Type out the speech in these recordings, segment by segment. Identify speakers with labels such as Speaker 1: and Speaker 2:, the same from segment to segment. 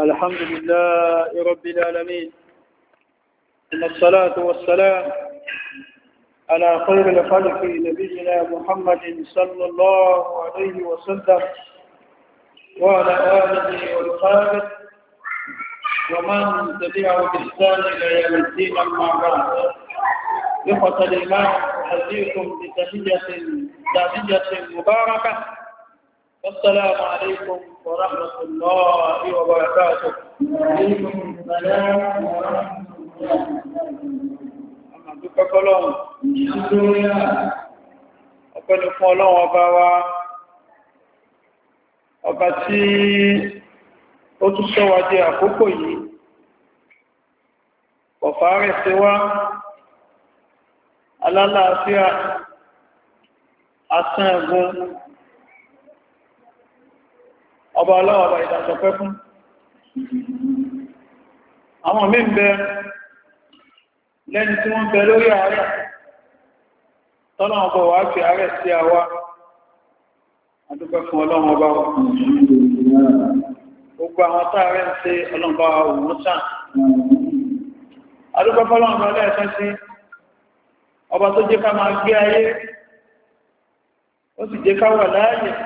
Speaker 1: الحمد لله رب العالمين ان الصلاة والسلام على خير الخلق نبينا محمد صلى الله عليه وسلم وعلى آله وصحبه ومن تبعه بإحسان إلى يوم الدين أما بعد
Speaker 2: لقد الإيمان أحييكم
Speaker 1: بتحية تحية مباركة السلام عليكم ورحمة الله وبركاته عليكم السلام ورحمة الله أما دوك كلام الحمد لله أقول فلان وبوا ọba tí ó tún sọ́wà jẹ́ àkókò yìí ọ̀fà rẹ̀ sí wá ọba ọlọ́ọ̀bà ìdàṣọpẹ́ fún àwọn mí ń bẹ
Speaker 2: lẹ́ni tí wọ́n bẹ lórí ààrẹ
Speaker 1: tọ́nà ọba wà fi ààrẹ sí àwa adúgbẹ́ fún ọlọ́run ọba wa gbogbo àwọn táàrẹ ń ṣe ọlọ́mbà òun sàn adúgbẹ́ fọ́lọ́run ọba lẹ́ẹ̀kan sí ó sì jẹ́ ká wà láàyè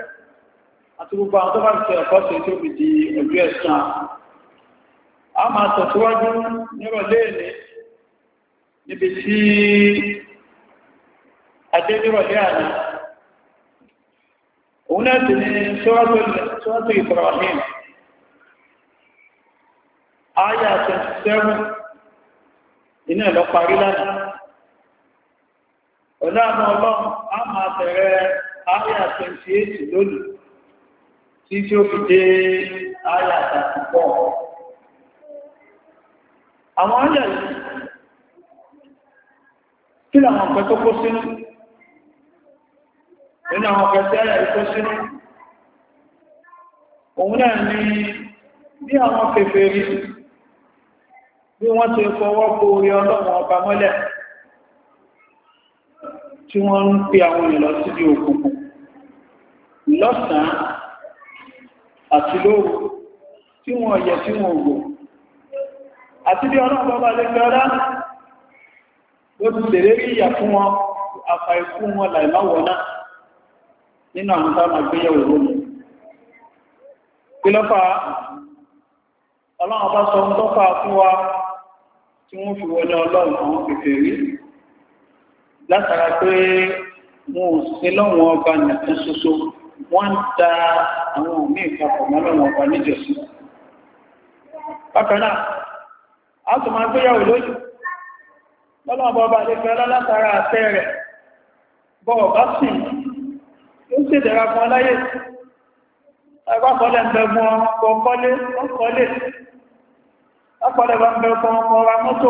Speaker 1: tí gbogbo àwọn tó bá ti ẹ̀kọ́ sí tó fi di ojú ẹ̀sán a máa tẹ̀síwájú nírọ̀lẹ́ èlé níbi tí adé nírọ̀lẹ́ àná òun náà sì ni ṣọ́rọ̀tò Ibrahim ayà 27 iná lọ parí lánàá ọ̀nà àmọ́ ọlọ́run a máa bẹ̀rẹ̀ ayà 28 lónìí tí tí ó fi dé ayà àti pọ̀. Àwọn ayà yìí, kí làwọn ọ̀pẹ́ tó kó sínú? Nínú àwọn ọ̀pẹ́ tí ayà yìí kó sínú, òun náà ni bí àwọn kèfèrí bí wọ́n ti fọwọ́ kó orí ọlọ́wọ̀n ọba mọ́lẹ̀ tí wọ́n ń pe àwọn ìlọ síbi òkùnkùn lọ́sàn-án àti lóòrò tí wọ́n yẹ tí wọ́n wò àti bí ọ̀nà bọ́bá lè gbọ́rá ó ti tèrè rí ìyà fún wọn àfà ikú wọn làìmáwọ̀ná nínú àwọn tánà gbéyàwó lónìí kí lọ́fà ọlọ́run bá látara pé wọn ò ọba nìkan ṣoṣo wọ́n ń da àwọn òmí ìpapọ̀ mọ́lọ́wọ́ ọba níjọsí bákanáà a tó máa gbéyàwó lójú lọ́lọ́wọ́ ọba lè fẹ́ látara àtẹ́ rẹ̀ bọ́ọ̀ bá sì ó sì dẹ̀ra fún aláyé ẹgbàkọ́lẹ̀ ń bẹ mọ́ ọkọ̀ọ́lé ọkọ̀ọ́lé ọkọ̀ọ́lẹ̀ bá ń fún mọ́tò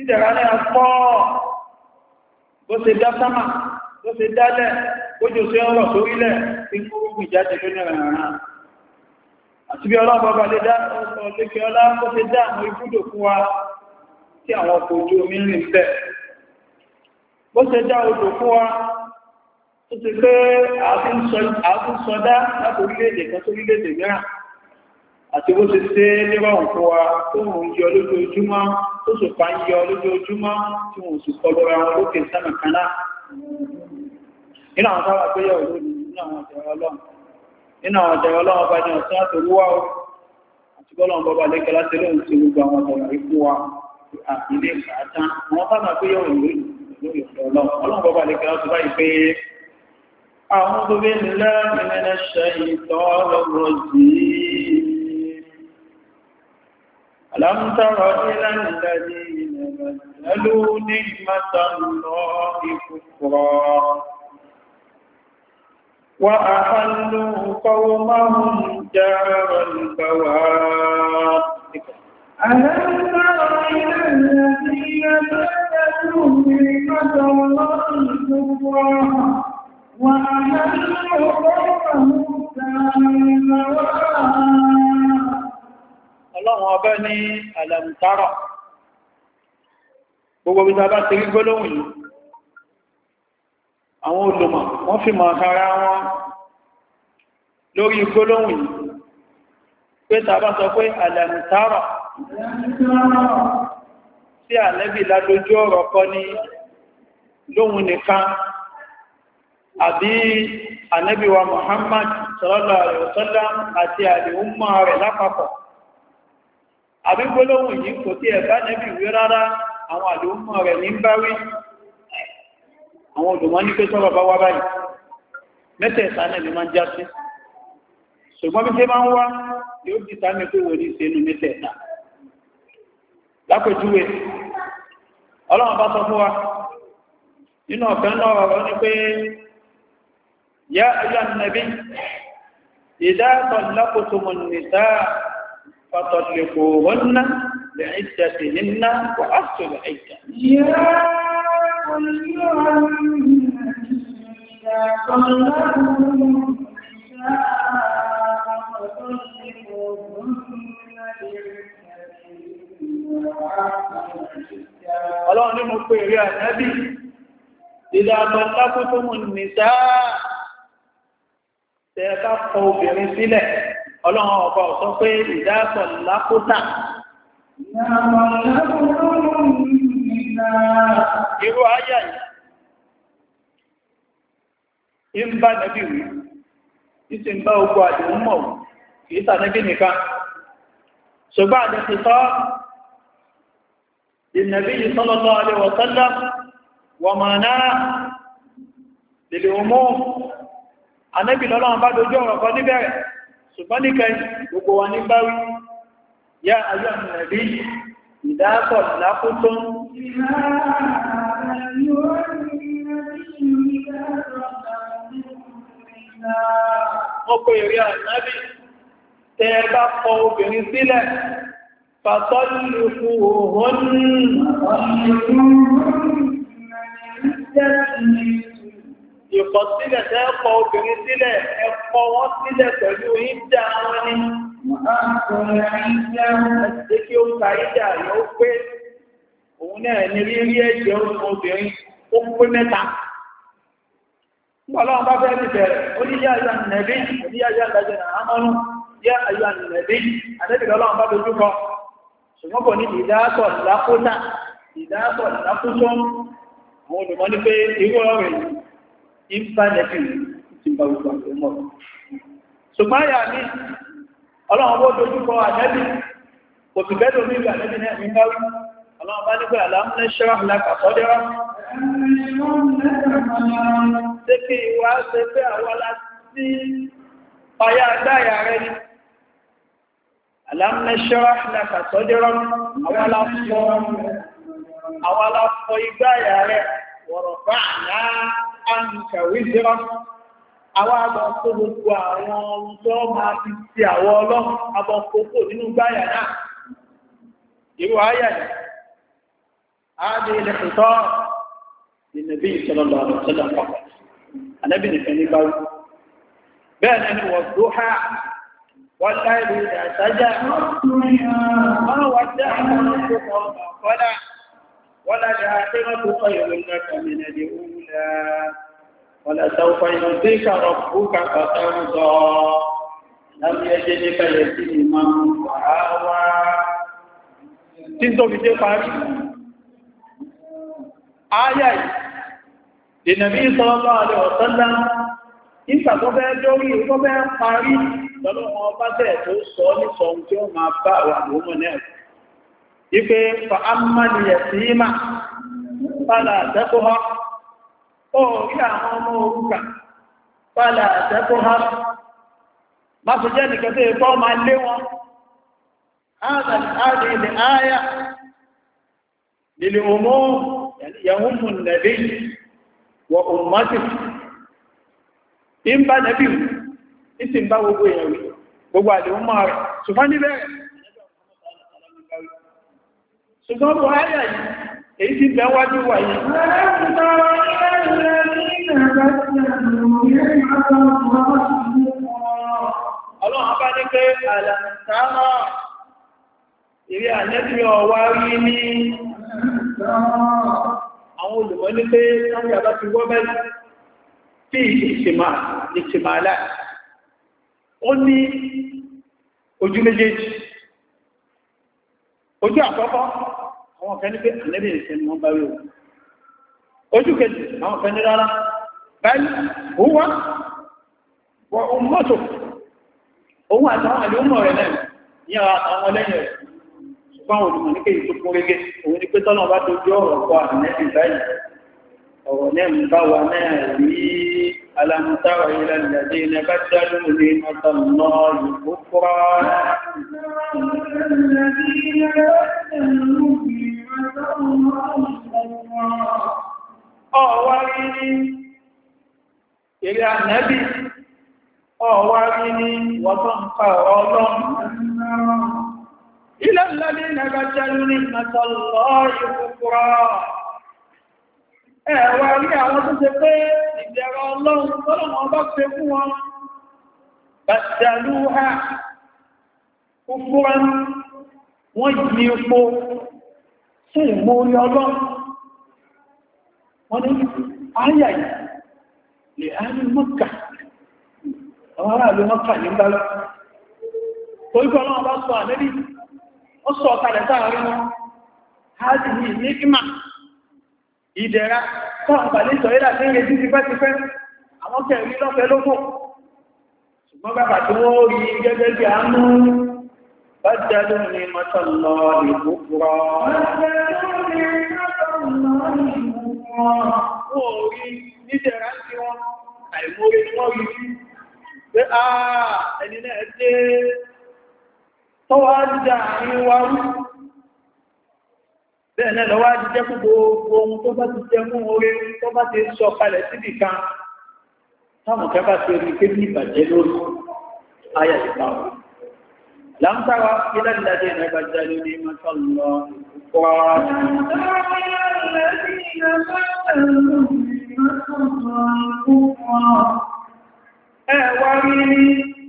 Speaker 1: tí dẹ̀rà ní apọ́ bó ṣe dá sámà bó ṣe dálẹ̀ bójú sí ọ̀rọ̀ sórílẹ̀ tí ń kúrúkú ìjáde lónìí ràrá àti bí ọlọ́pàá bá lè dá ọ̀sọ̀ lékẹ́ ọlá bó ṣe dá àwọn ibùdó fún wa tí àwọn ọkọ̀ ojú omi rìn bẹ́ẹ̀ bó ṣe dá odò fún wa tó ti pé àfin sọdá láti orílẹ̀-èdè kan sórílẹ̀-èdè mìíràn àti bó ti ṣe níwọ̀n fún wa tó mò ń yọ lójoojúmọ́ tó sì pa ń yọ lójoojúmọ́ tí wọ́n sì kọlọ́ra wọn lókè sánà kaná nínú àwọn sáwà pé yẹ̀
Speaker 2: nínú àwọn
Speaker 1: ọ̀tẹ̀rọ ọlọ́run o àti bọ́lọ́run bọ́ba lẹ́kẹ́ láti lóhun sí gbogbo àwọn ọ̀tẹ̀rọ ikú wa àtìlé àtàn àwọn sáwà pé yẹ̀ olóòrùn lórí ọ̀tẹ̀ ọlọ́run ọlọ́run bọ́ba lẹ́kẹ́ láti báyìí pé أعوذ بالله ألم تر إلى الذين بدلوا نعمة الله كفرا وأحلوا قومهم دار البوار ألم تر إلى الذين بدلوا نعمة الله كفرا وأحلوا قومهم دار ọlọ́run ọbẹ́ ní àlàmùtárọ̀ gbogbo bí tàbá ti rí gbólóhùn yìí àwọn olùmọ̀ wọ́n fi mọ̀ ara wọn lórí gbólóhùn yìí pé tàbá sọ pé àlàmùtárọ̀ sí àlẹ́bì ládójú ọ̀rọ̀ kọ́ ní lóhun nìkan àbí ànẹ́bíwa Muhammad sallallahu àti àdìhún rẹ̀ lápapọ̀ àbí gbólóhùn yìí kò tí ẹ̀bá nẹ́bì wí rárá àwọn àdúgbò rẹ̀ ní bá wí àwọn olùmọ́ ní pé sọ́rọ̀ bá wá báyìí mẹ́tẹ̀ẹ̀ta náà ni máa ń já sí ṣùgbọ́n bí ṣe máa ń wá yóò di sáàmì pé wò ní ìṣẹ́nu mẹ́tẹ̀ẹ̀ta lápẹjúwe ọlọ́run bá sọ fún wa nínú ọ̀fẹ́ náà ọ̀rọ̀ ni pé yá ayé ànàbí ìdá àtọ̀ فطلقوهن لعدتهن وأحصوا العدة يا أيها الذين طلقوا
Speaker 2: Ọlọ́run ní mo pè rí ànábì,
Speaker 1: ìdàmọ̀ lákútùmù nìsáà, tẹ́ẹ̀ká kọ obìnrin sílẹ̀. ọlọ́run ọba sọ pé ìdásọ̀ lákòótà. irú ayé yìí ń bá nàbí wí ìsìn bá ogun àdìmú mọ̀ kìí sànẹ́bí nìkan ṣùgbọ́n àdìsí sọ ìnàbí yìí sallallahu alaihi wa sallam wọ́n máa náà lèlè òmú ànẹ́bí lọ́lọ́run bá dojú ọ̀rọ̀ kan níbẹ̀rẹ̀ ṣùgbọ́n nìkan gbogbo wa ní báwí yá ayọ́ nàbí ìdáàbọ̀ lákútó ọkọ̀ ìrí ànábì tẹ́ bá kọ obìnrin sílẹ̀ fàtọ́lù fún òhun ní ọ̀pọ̀ ìkọsílẹ̀ tẹ́ kọ obìnrin sílẹ̀ ẹ kọ wọ́n sílẹ̀ pẹ̀lú ìdá wọn ni. Ṣé kí ó ka ìdá yóò pé òun náà ní rírí ẹ̀jẹ̀ obìnrin ó pé mẹ́ta. Ọlọ́run bá fẹ́ bẹ̀rẹ̀ oníyá ayọ̀ nẹ̀bí oníyá ayọ̀ àgbàjẹ̀ náà amọ́nú yá ayọ̀ nẹ̀bí àtẹ́bìrì ọlọ́run bá dojú kọ. Ṣùgbọ́n kò ní ìdáàtọ̀ ìdákótà ìdáàtọ̀ ìdákótó àwọn olùmọ́ ní pé irú ọ̀rọ̀ yìí ìfànẹ́bì ti bá gbogbo àwọn ọmọ ṣùgbọ́n àyà mi ọlọ́run ó dojúkọ ànẹ́bì kò sì bẹ́ẹ̀ lómi ìgbà ànẹ́bì náà mi ń báwí ọlọ́run bá nígbà aláàmúlẹ̀ ṣẹ́rà lápá sọ́dẹ́rà àwọn aláti ọyá agbáyà rẹ wọ̀rọ̀ bá àná àǹkà wíjẹ́rọ́ àwọn àbọ̀ tó gbogbo àwọn ohun tó máa fi ti àwọn ọlọ́run abọ̀ kókò nínú gbáyà náà irú ayà ni àádé ilẹ̀ tòótọ́ ìnàbí ìsọlọ́lọ́ àbọ̀sọ́lọ́ pàpọ̀ وللآخرة خير لك من الأولى ولسوف يعطيك ربك فترضى لم يجدك يتيما فآوى تنتو بيجي فاري آية للنبي صلى الله عليه وسلم nígbà tó bẹ́ dórí tó bẹ́ parí lọ́lọ́wọ́ bá tẹ̀ tó sọ ní sọ ohun tí ó máa bá àwọn àwọn ọmọ náà wípé fa'ammaniyasima fàlà àtẹ́kọ́há ó rí àwọn ọmọ orúkà fàlà àtẹ́kọ́há má fi jẹ́ nìkan tó ẹ̀kọ́ ma lé wọn áàdì ilẹ̀ ááyà lílè òmó yahunmu nàbí wọ òmùmátì in bá nàbí gbogbo ìyàwó gbogbo àdìwọ́n máa rẹ̀ ṣùgbọ́n ṣùgbọ́n bọ̀ ayà yìí èyí ti bẹ̀ wájú wà yìí ọlọ́run bá ní pé àlàmùsáàmà ìrí àlẹ́bí ọwá rí ní àwọn olùmọ̀ ní pé láti àbá ti wọ́ bẹ́ẹ̀ tí ìṣìmà ìṣìmà aláì ó ní ojú méjèèjì ojú àkọ́kọ́ àwọn kan ní pé ànẹ́bì ìṣẹ́ ni wọ́n bá rí òun ojú kejì àwọn kan ní rárá báyìí òun wọ ohun mọ́tò òun àtàwọn àlúmọ̀ rẹ̀ lẹ́yìn àwọn olùmọ̀ ní náà rí Ọ̀wá rí ní èrè ànẹ́bì, ọ̀wá rí ní wọ́tọ́ nǹka ọlọ́run. Ilẹ̀ lọ́dí nẹ́gbẹ́jẹ́lú ní mẹ́tọ̀lọ́ ìkùkùrọ̀. Ẹ̀wà rí àwọn tó ṣe pé ìjẹ̀rọ ọlọ́run tọ́lọ̀mọ́ bá ṣe fún wọn. sí ìmú orí ọlọ́ wọ́n ní ayà lè àárín mọ́kà àwọn ará ìlú mọ́kà ní gbálọ́ torípọ̀ náà bá sọ àlẹ́bí ó sọ ọ̀kalẹ̀ sáàrin wọn háàdì ní ilé ìmà ìdẹ̀ra sọ بدلوا نعمة الله كفرا بدلوا نعمة الله كفرا orí nídẹ̀ra tí wọ́n àìmórí ni wọ́n rí sí pé àà ẹni náà dé tó wá jà ní wárú ohun tó bá ti jẹ́ fún orí tó bá ti sọ kalẹ̀ síbì kan táwọn kẹfà sí orí kébí ìbàjẹ́ lórí ayà ìpàwọ̀ لم تر إلى الذين بدلوا نعمة الله كفرا لم تر إلى الذين بدلوا نعمة الله كفرا أوامين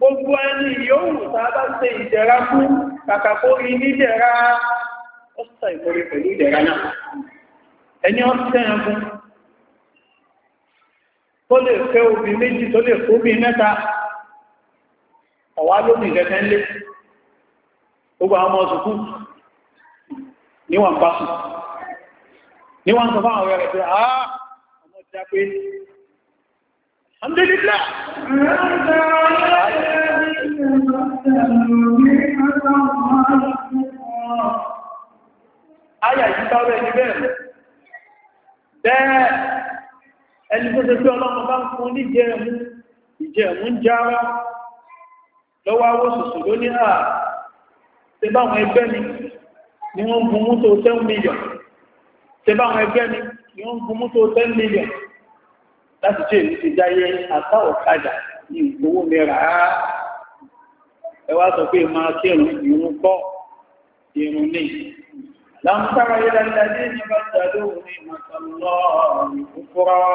Speaker 1: gbogbo ẹni yóò tá a bá ṣe ìdẹ̀ra fún kàkà kó rí nídẹ̀ra ọ́sà ìkórè
Speaker 2: pẹ̀lú ìdẹ̀ra náà ẹni ọ́sẹ̀
Speaker 1: ẹ̀kún tó lè fẹ́ obì méjì tó lè kó bí mẹ́ta ọ̀wá lóbi ìrẹ́fẹ́ ńlé gbogbo àwọn ọmọ ṣùkú níwọ̀n bá sùn níwọ̀n sọ fáwọn ọ̀rẹ́ rẹ̀ pé àá ọmọ ti dápé alhamdulillah ayà ìjíká rẹ̀ ní bẹ́ẹ̀ bẹ́ẹ̀ ẹni tó ṣe pé ọlọ́mọ bá ń fún ní ìjẹ̀mú ìjẹ̀mú ń jára lọ́wọ́ awó sùsù ló ní àà ah, ṣe báwọn ẹgbẹ́ ni ni wọ́n gun mútó 10 million ṣe báwọn ẹgbẹ́ ni ni wọ́n gun mútó 10 million láti ṣe èyí ti jáyé àtà ọ̀kadà ní ìgbowó mẹ́ra á sọ pé máa kírun ìrún kọ́ ìrún ní lámúsára yẹ́lá ní ní bá ti òun ní màtàlọ́ ọ̀rìn kúkúrọ́.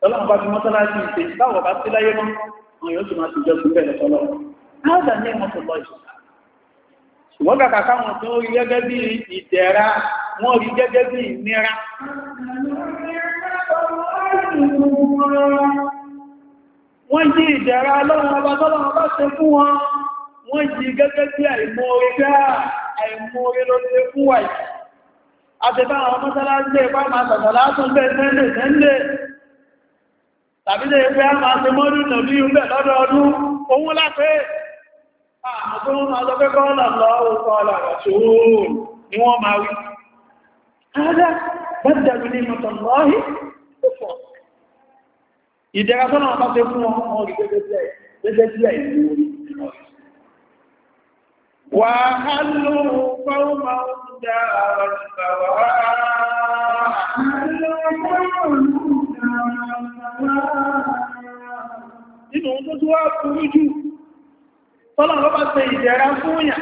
Speaker 1: tọ́lọ́wọ́ bá fi mọ́sálásí ìpè báwọ̀ bá sí láyé mọ́ wọn yóò sì máa ti jẹun bẹ̀rẹ̀ tọ́lọ́ láàdà ní wọn tó lọ ìṣòro ṣùgbọ́n kàkà káwọn tó rí gẹ́gẹ́ bí ìdẹ̀ra wọ́n rí gẹ́gẹ́ bí ìnira wọ́n jí ìdẹ̀ra lọ́wọ́ ọba tọ́lọ́wọ́ bá ṣe fún wọn wọ́n jí gẹ́gẹ́ bí àìmọ́re gáà àìmọ́re ló ṣe fún wáyé àti báwọn mọ́sálásí ẹ̀fà máa tàtàlá tún bẹ́ẹ̀ tàbí lè pé a máa ṣe mọ́rí nàbí ilẹ̀ lọ́dọọdún ohun lápé àwọn ohun máa lọ́pẹ́ kọ́ọ̀lá lọ́wọ́ kọ́ọ̀lá rọ̀ṣùn ni wọ́n máa wí ádá bẹ́ẹ̀dẹ̀rù ní mọ̀tànlọ́hí ìdẹ̀ra tọ́nà ọmọ tẹ́ fún ọmọ nínú tó tó wá kúrú jù tọ́lá bá sọ ìjẹra fún yà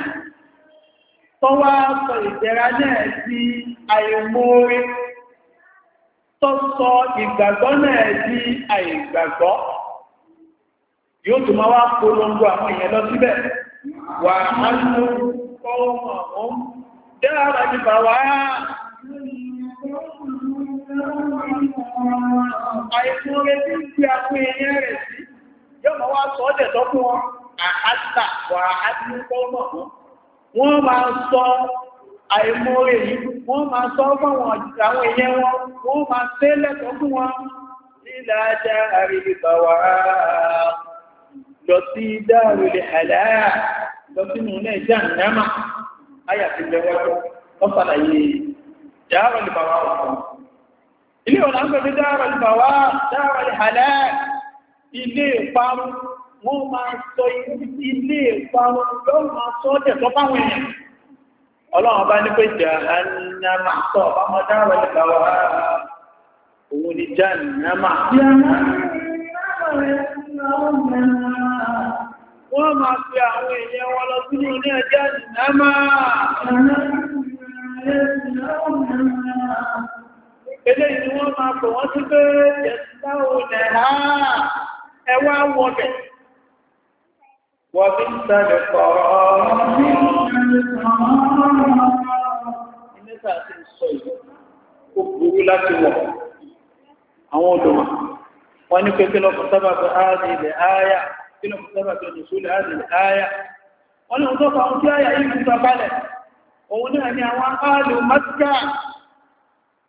Speaker 1: tọ́wá sọ ìjẹra náà sí àìmóore tọ́ sọ ìgbàgbọ́ náà sí àìgbàgbọ́ yóò tó máa wá polongo àwọn èèyàn lọ síbẹ̀ wà á ọmọ àìkúnlé tí ń pè àpín ẹyẹ rẹ̀ sí sọ wọ́n máa sọ àìmọ́re yìí wọ́n máa sọ fáwọn àwọn èèyàn wọn wọ́n máa tẹ́ lẹ́tọ̀ fún wọn lọ sí àláà lọ náà ilé ọ̀nà ń pẹ̀lú dára ìbàwá dára ìhàlẹ́ ilé ìparun wọ́n máa sọ ilé ìparun yóò máa sọ ọ́ tẹ̀sọ́ fáwọn èèyàn ọlọ́run bá ní pé jahannama sọ ọmọ dára ìbàwá òun ni jahannama wọ́n máa fi àwọn èèyàn wọn lọ sínú ní ẹjẹ́ jahannama eléyìí ni wọ́n máa pọ̀ wọ́n sí pé ẹ̀sùn òun ẹ̀há ẹwà wọ́bẹ̀ wọ́n bí ń sẹ́lẹ̀ pọ̀rọ̀ ìmẹ́ta àti ìsọ ìlú ó burú láti wọ̀ àwọn olùmọ̀ wọ́n ní pé kí lọ́kùn sábà bí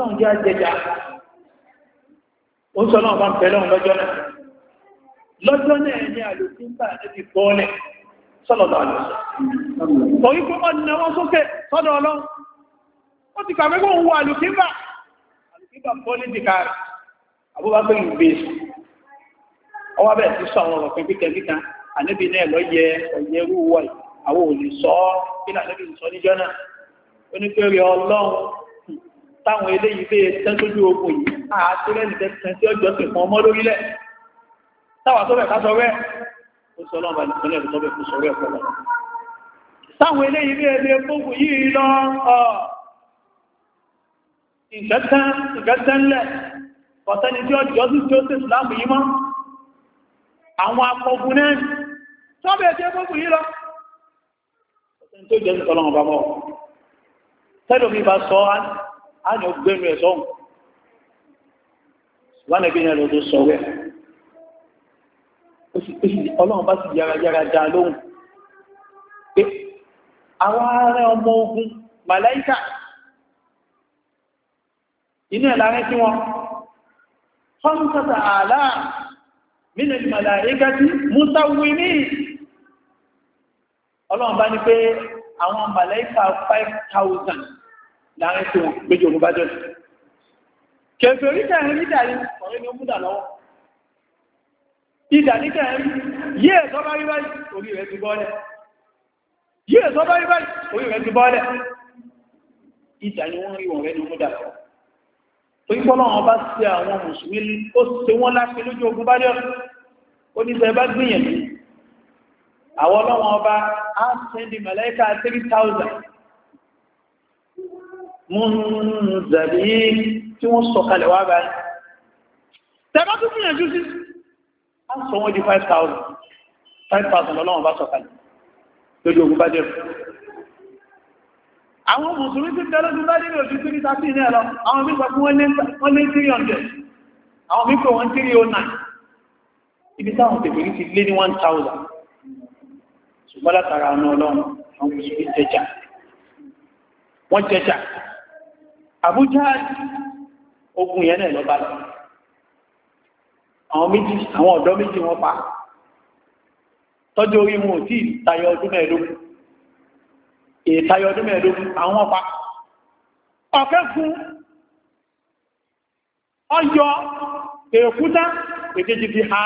Speaker 1: ọlọ́run jẹ́ àjẹjà ó sọ náà bá ń pẹ̀lọ́ lọ́jọ́ náà lọ́jọ́ náà ní àlòkú ń bà níbi bọ́ọ̀lẹ̀ sọ́lọ̀lọ́ àlòsọ torí pé wọ́n náwọ́ sókè sọ́dọ̀ ọlọ́run ó ti kàwé kóhun wo àlòkímbà àlòkímbà bọ́ọ̀lì ti kààrẹ̀ àbúbáfẹ́ ìgbé ọwọ́ bẹ̀rẹ̀ sí sọ àwọn ọ̀rọ̀ pé kíkẹ́ kíkan àníbi náà lọ yẹ ọ̀yẹ́ wúwọ́ àwọn ò lè sọ kí làníbi sọ níjọ́ náà ó ní pé rí ọlọ́run táwọn eléyìí fẹ́ tẹ́ sójú ogun yìí àtúrẹ́nì tẹ́sán tí ọjọ́ sì fún ọmọ lórílẹ̀ táwà tó bẹ̀ ká sọ rẹ̀ ó sọ lọ́wọ́ ìpínlẹ̀ tó bẹ̀ fún sọ rẹ̀ táwọn eléyìí fẹ́ ẹgbẹ́ fóògùn yìí lọ ọ̀ ìgẹ́tẹ́ńlẹ̀ tí ọjọ́ sì tí ó sì ìsìlámù yìí mọ́ àwọn akọgun náà tó bẹ̀ á ní ọgbẹ́nu ẹ̀ sọ́hùn wọ́n ẹgbẹ́ yẹn lọ tó sọ rẹ̀ ọlọ́run bá sì yára yára dá lóhùn pé àwọn ará ọmọ ogun màláíkà inú ẹ̀ láàrin sí wọn khamsata alaa min al-malaikati musawwimin ọlọ́run bá ní pé àwọn màláíkà 5000 láàrin tó méjì ogun bá jẹ́ kẹfẹ́ oríkẹ̀rin nídà ní ọ̀rẹ́ ni ó múdà lọ́wọ́ ìdà níkẹ̀rin yí ẹ̀sọ́ bá rí báyìí orí rẹ̀ ti bọ́ọ̀lẹ̀ yí ẹ̀sọ́ bá rí báyìí orí rẹ̀ ti bọ́ọ̀lẹ̀ ìdà ni wọ́n rí ọ̀rẹ́ ni ó múdà lọ́wọ́ torí pọ́nà wọn bá ṣe àwọn mùsùlùmí ó ṣe wọ́n láti lójú ogun bá jẹ́ ó ní sẹ́ bá gbìyànjú àwọn ọlọ́wọ́n ọba á sẹ́ndì màláíkà 3000 múnzàbí tí wọ́n sọ̀kalẹ̀ wá báyìí tẹ́bá tó gbìyànjú sí a sọ wọ́n di 5,000 5,000 lọ́wọ́n bá sọ̀kalẹ̀ lójú ogun bá jẹ́ àwọn mùsùlùmí ti tẹ́lọ́ ti bá dé lójú 330 náà lọ àwọn mí sọ fún wọ́n lé 300 àwọn mí pé wọ́n 309 ibi táwọn tẹ̀bìrì ti lé ní 1,000 ṣùgbọ́n látara ọ̀nà ọlọ́run àwọn mùsùlùmí jẹjà wọ́n jẹjà Àbújáàdì ogun yẹn náà lọ́bàá lọ. Àwọn méjì, àwọn ọ̀dọ́ méjì wọ́n pa. Tọ́jú orí wọn ò tí ìtayọ ọdún mẹ́ẹ̀dógún. Ìtayọ ọdún mẹ́ẹ̀dógún, àwọn wọ́n pa. fún ọyọ èkúta èkejì fi ha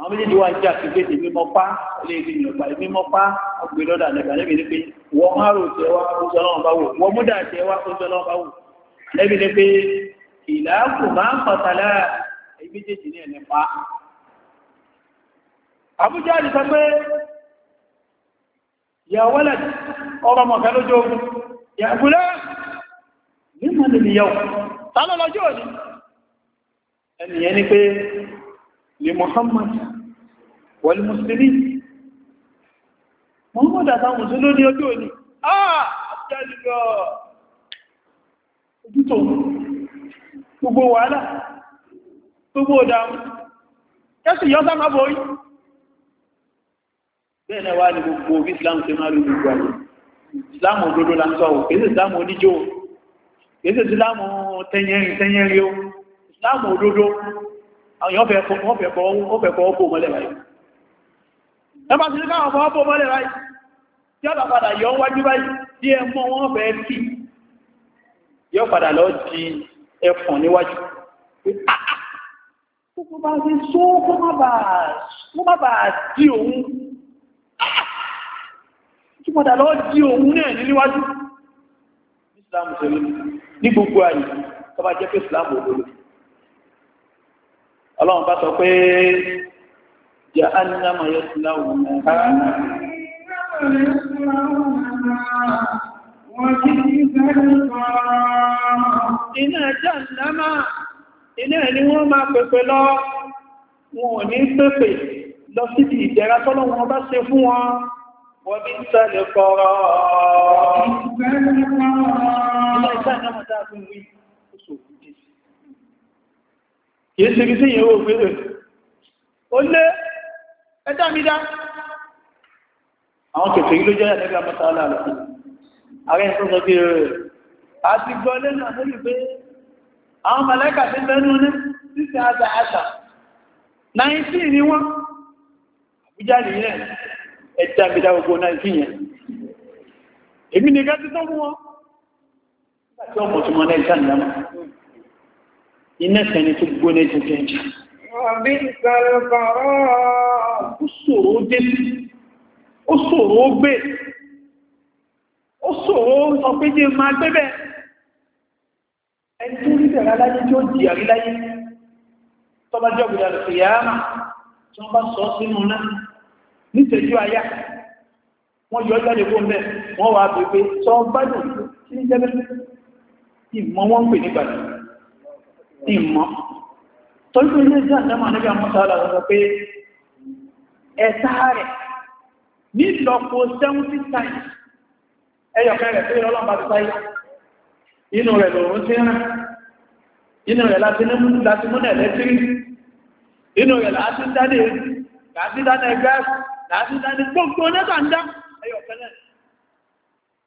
Speaker 1: àwọn méjèèjì wá ń jà sí pé tèmi mọ́ pa ilé ibi ìyọ̀gbà èmi mọ́ pa ọgbẹ́ lọ́dà nígbà níbi ní pé wọ́n má rò tẹ́ wá oṣù ọlọ́run bá wò wọ́n mú dà tẹ́ wá oṣù ọlọ́run bá wò lẹ́bi ní pé ìlàkù máa ni sọ pé ìyàwó lẹ̀ ni ẹnìyẹn ni pé لمحمد والمسلمين محمد àtàwọn mùsùlùmí ní ọjọ́ òní àà àjálùgbọ́ ojútò gbogbo wàhálà gbogbo ọ̀dáwọn kẹsì yọ́ sáma bọ̀ yìí bẹ́ẹ̀ náà wá ní gbogbo bí Islam ṣe máa rí gbogbo àwọn Islam òdodo la ń sọ ò kèsì Islam oníjó kèsì Islam tẹnyẹrin tẹnyẹrin o Islam òdodo àwọn fẹ́ kọ́ ọ́pọ̀ mọ́lẹ̀ ráyìí ẹbá ti ní káwọn fọ́ ọ́pọ̀ mọ́lẹ̀ ráyìí tí ọ̀dà padà yọ wájú báyìí tí ẹ mọ́ wọ́n fẹ́ kí yọ padà di ẹfọ̀n níwájú ah, ah, ah, kókó bá ti só kó má bàa dí òun kí padà lọ di òun náà níwájú ní gbogbo àyè tó bá jẹ́ pé ìsìlámù òdòdó ọlọ́run bá sọ pé jẹ́ ánìyàn máa yẹ sí láwùn náà. Iná ẹjọ́ ìdámá, iná ẹni wọ́n máa pèpè lọ, wọn ò ní pèpè lọ síbi ìdẹ̀ra tọ́lọ́wọ́n bá ṣe fún wọn, wọ́n bí ń sẹ́lẹ̀ kọ́rọ̀. Iná ẹjọ́ ìdámá dáa fún wí kìí ṣe kìí sí ìyẹ̀wò òpínlẹ̀ ó lé ẹjá mídá àwọn kẹfẹ̀ ìlú jẹ́ ẹ̀lẹ́gbà mọ́sálà àlọ́sí ààrẹ ìtọ́sọ bí rẹ̀ àti gbọ́ lẹ́nu àmúlù pé àwọn mọ̀lẹ́kà sí mẹ́nu ní sísẹ̀ àṣà àṣà 19 ni wọ́n àbújá nìyẹn ẹjá mídá gbogbo 19 iná kan ni tó gbóná jẹjẹ jẹ Ọ̀bí ìsàlùkọ̀rọ̀ ó ṣòro dé, ó ṣòro gbé, ó ṣòro sọ pé jẹ́ máa gbébẹ̀. Ẹni tó rí bẹ̀rẹ̀ aláyé tí ó di àríláyé, tọ́bá jẹ́ ògbìyà lè fìyà ámà tí wọ́n bá sọ sínú náà nítẹ̀jú ayá. Wọ́n yọ jáde fún mẹ́, wọ́n wà á tọ́ bá jù sí jẹ́bẹ́. Ìmọ̀ wọ́n pè nígbàdàn ìmọ̀ tọ́jú ilé jẹ́ àjẹ́mà níbi àmọ́sáàlá rẹ̀ pé ẹ̀ta rẹ̀ ní lọ́pọ̀ 70 times ẹyọ̀kẹ́ rẹ̀ pé lọ́lọ́pàá ti sáyé inú rẹ̀ lòrún tí rán inú rẹ̀ láti múnẹ̀ lẹ́tírí inú rẹ̀ láti dáadé láti dáadé gáàsì láti dáadé gbogbo onẹ́ta ń dá ẹyọ̀kẹ́ rẹ̀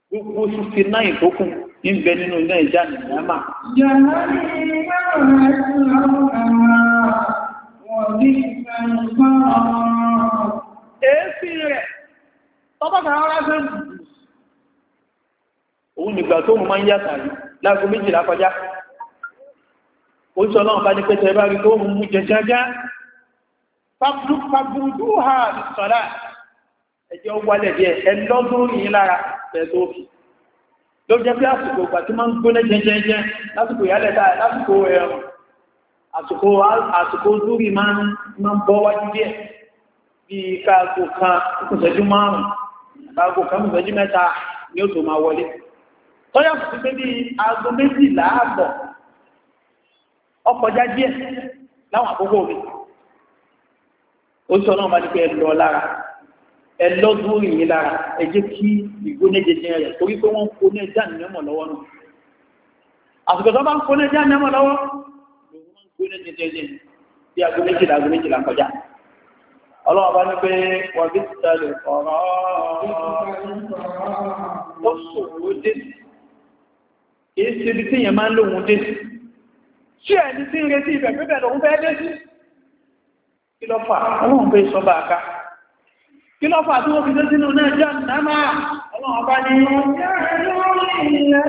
Speaker 1: gbogbo 69 tó kún ń bẹ nínú ilé ìjà nìyàmà èéfì rẹ̀ tọ́bọ̀tà ara ṣe ń òun nígbà tó mọ́ ń yàtà rí láàgbó méjìlá kọjá ó sọ náà bá ní pẹ́tẹ̀ bá rí tó mú mú jẹjẹjá fàbùdú ha sọ́lá ẹjọ́ wálẹ̀ díẹ̀ ẹlọ́dún yìí lára pẹ̀lú òfin ló jẹ́ bí àsìkò ìgbà tí ma ń gbóná jẹjẹjẹ lásìkò ya dáa lásìkò ẹ̀rùn àsìkò àsìkò lórí máa ń bọ́ wájú díẹ̀ bí káàkó kan ìkùnṣẹ́jú márùn-ún káàkó kan ìkùnṣẹ́jú mẹ́ta ni ó tó máa wọlé tọ́yà kò ẹlọ́dún òyìn lára ẹ jẹ́ kí ìgbónéjẹjẹ rẹ̀ torí pé wọ́n kó ní ẹjá nìyẹmọ̀ lọ́wọ́ nù àsìkò tó bá ń kó ní ẹjá nìyẹmọ̀ lọ́wọ́ lòun máa ń gbónéjẹjẹ bí aago méjìlá aago méjìlá ń kọjá ọlọ́wọ́ bá ní pé wọ́n bí sẹ́lẹ̀ ọ̀rọ̀ ó ṣòro dé kìí ṣe ibi tí èèyàn máa ń lòun dé sí ẹni tí ń retí ibẹ̀ pípẹ̀ lòun fẹ́ dé sí kí ló fà ọlọ́run pé sọ́ba àká kí ló fà tí wọ́n fi sínú náà jẹ́ àmà ọlọ́run bá ní ìdẹ̀ra ní ọwọ́bọ̀ tí wọ́n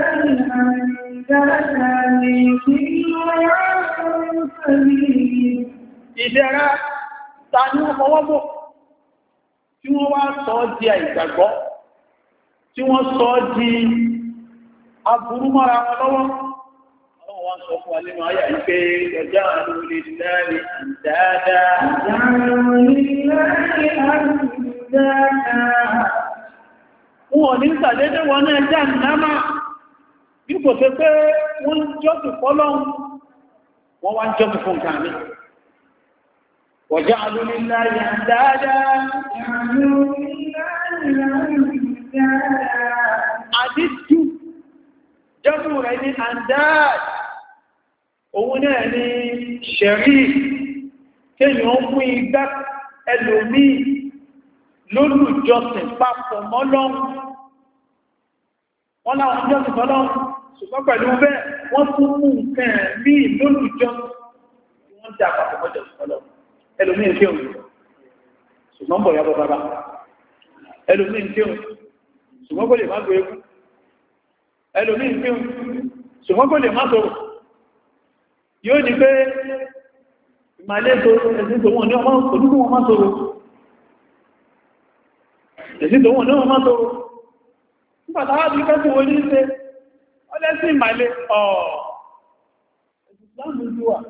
Speaker 1: sọ di aburú mọ́ra wọn lọ́wọ́ ọlọ́run wá sọ fún alẹ́mọ̀ ayà ìpé ọjá àrùn lè dáadáa Wọ́n ní ìsàdédé wọn náà jẹ́ ìnámà bí kò tẹ́ pé wọ́n jọ́sì fọ́lọ́un, wọ́n wá jọ́sì fún kàmí. Wọ̀já alúlélá yà dáadáa. Àdíjú, jọ́sù rẹ̀ ní àndáà, òun náà ní ṣẹ̀rí, lólùjọsìn papọ̀ mọ́lọ́run wọ́n láwọn jọ́sìn mọ́lọ́run ṣùgbọ́n pẹ̀lú bẹ́ẹ̀ wọ́n tún mú nǹkan bí lólùjọsìn wọ́n dà papọ̀ mọ́jọsìn mọ́lọ́run ẹlòmíín tí òun ṣùgbọ́n bọ̀ yàbọ̀ bàbá ẹlòmíín tí òun ṣùgbọ́n kò lè má gbé egún ẹlòmíín tí òun ṣùgbọ́n kò lè má sọ̀rọ̀ yóò ní pé ìmàlẹ́ tó ẹ̀sìn tó wọ́n ní ọmọ òdúkú wọn má sọ̀rọ̀ èsì tó wọ́n náà máa tóró nígbàtà wá bí kẹ́kùn wọ́n ní ṣe ọlẹ́sì ìmàlẹ̀ ọ̀dọ̀ wa ní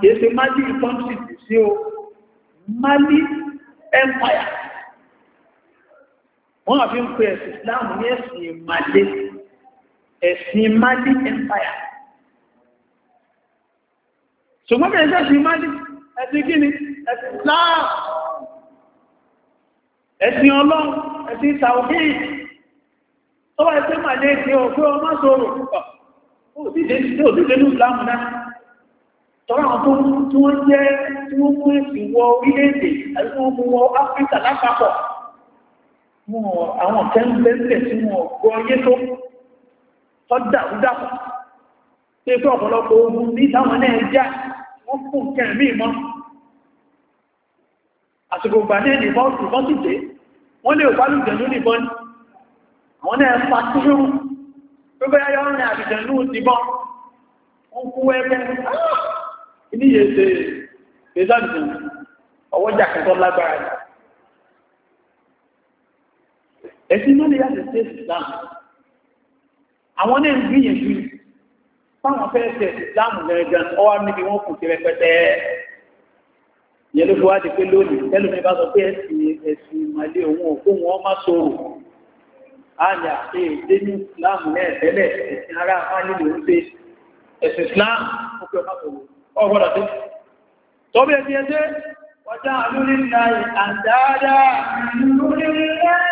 Speaker 1: kéèsè Mali country sí o Mali empire wọ́n àfi ń pè ẹ̀sì Islam ní ẹ̀sìn ìmàlẹ̀ ẹ̀sìn Mali empire. ṣùgbọ́n kẹ́ ẹ̀sìn Mali ẹ̀sìn gíní ẹ̀sìn Islam ẹ̀sìn ọlọ́run ẹ̀sìn sàwọ́kí tó wà ẹ̀sìn Mali ẹ̀sìn ọ̀pẹ́ ọmọ sọ̀rọ̀ púpọ̀ tọ́rọ àwọn tó tí wọ́n jẹ́ tí wọ́n mú ẹ̀sìn wọ orílẹ̀-èdè àti wọ́n mú wọ Áfíríkà lápapọ̀ àwọn kẹ́ ń bẹ́ẹ̀ tí wọ́n gbọ́ yé tó tọ́dà ìdápọ̀ tí ó ọ̀pọ̀lọpọ̀ ogun ní ìtàwọn náà já wọ́n fún kẹrìmí mọ́ àsìkò gbà ní ẹni bọ́ọ̀tù bọ́ọ̀tùté wọ́n lè pàlù jẹ̀lú nìbọn àwọn náà pa túrú tó bẹ́ yọ́ rìn àbìjẹ̀lú nìbọn wọ́n kú ẹgbẹ́ ní yèsè pẹ̀sàdù ọwọ́jà kẹtọ́ lágbára ẹ̀sìn náà lè yàtọ̀ sí ìsìlámù àwọn náà ń gbìyànjú fáwọn fẹ́ ṣe ìsìláàmù gẹ̀rẹ̀gẹ̀ ọwá níbi wọn kù sí rẹpẹtẹ
Speaker 2: yẹlẹ́fọ́ wá di pé lónìí
Speaker 1: tẹ́lùmí bá sọ pé ẹ̀sìn ẹ̀sìn ìmọ̀lẹ́ òun òkú wọn má sọ̀rọ̀ àyà ṣe èdè ní ìsìláàmù náà tẹ́lẹ̀ ẹ̀sìn ará fáyé ló ń ṣe ẹ̀sìn ìsìláàmù ó pẹ́ tọ́bí ẹ̀sìn ẹ̀sẹ̀ wọ́jà lórí náà àdáadáa lórí náà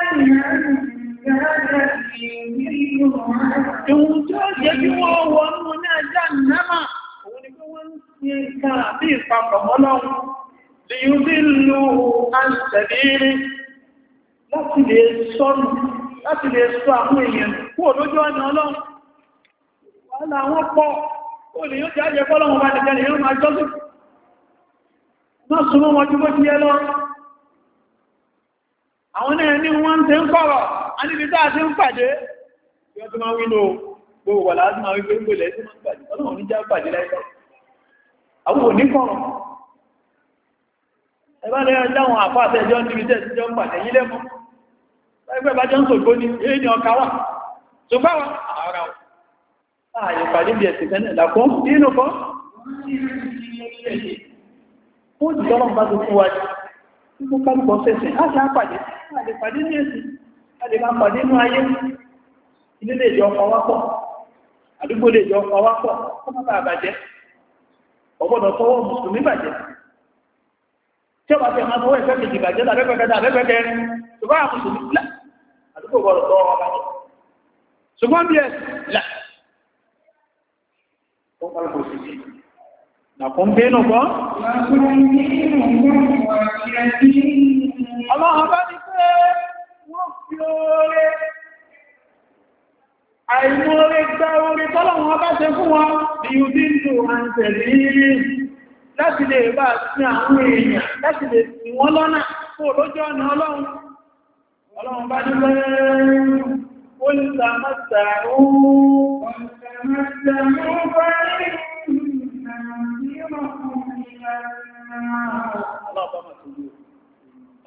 Speaker 2: Ìwọ̀n tí ó jẹ́ bí wọ́n wọ ọmọ
Speaker 1: náà já náà, òun ni pé wọ́n ń fi ẹ̀ka àbí ìpapọ̀ mọ́lọ́run,
Speaker 2: lè yóò bí lò
Speaker 1: àṣẹ̀bẹ̀ẹ́rẹ́ láti lè sọ́nù, láti lè sọ àwọn èèyàn kúrò lójú ọ̀nà ọlọ́run. Wọ́n làwọn pọ̀, ó lè yóò jẹ́ ajẹ́ fọ́lọ́run bá nìkan lè yóò máa jọ́sùn. Wọ́n súnmọ́ wọn jú bó ti yẹ lọ. Àwọn náà ní tẹ́ ń pọ̀rọ̀ níbi tá a ṣe ń pàdé yọ́ tó máa ń wínú gbogbo wà láti máa wípé gbogbo ilẹ̀ tí máa ń pàdé ọlọ́run ní já pàdé láìpẹ́ àwọn oníkọ̀ọ̀rùn ẹbá lẹ́yìn dáwọn àpáàtẹ ẹjọ́ níbi tẹ́ ìjọ ń pàdé yílẹ̀ mọ́ láìpẹ́ bá jọ ń sògbó ní èyí ni ọkà wà tó bá wà ara ọ̀ ààyè pàdé bí ẹ̀sìn tẹ́lẹ̀ lákún nínú kan ó ti láti bá pàdé inú ayé ilé lè jọ ọkọ̀ wápọ̀ àdúgbò lè jọ ọkọ̀ wápọ̀ kó má bàa bàjẹ́ ọgbọ́dọ̀ tọwọ́ mùsùlùmí bàjẹ́ tí ọba tí ọmọ tọwọ́ ìfẹ́ kejì bàjẹ́ tàbẹ́pẹ́kẹ́ta àbẹ́pẹ́kẹ́ ṣùgbọ́n àwọn mùsùlùmí là àdúgbò gbọ́dọ̀ tọwọ́ wọn bàjẹ́ ṣùgbọ́n bí ẹ là ó wọ́n fi gba tọ́lọ̀wọ́n bá ṣe fún wọn bí i dínú àǹtẹ̀lẹ̀ yìí láti lè bá sí àwọn èèyàn láti lè sí wọn lọ́nà fún olójú ọ̀nà ọlọ́run ọlọ́run bá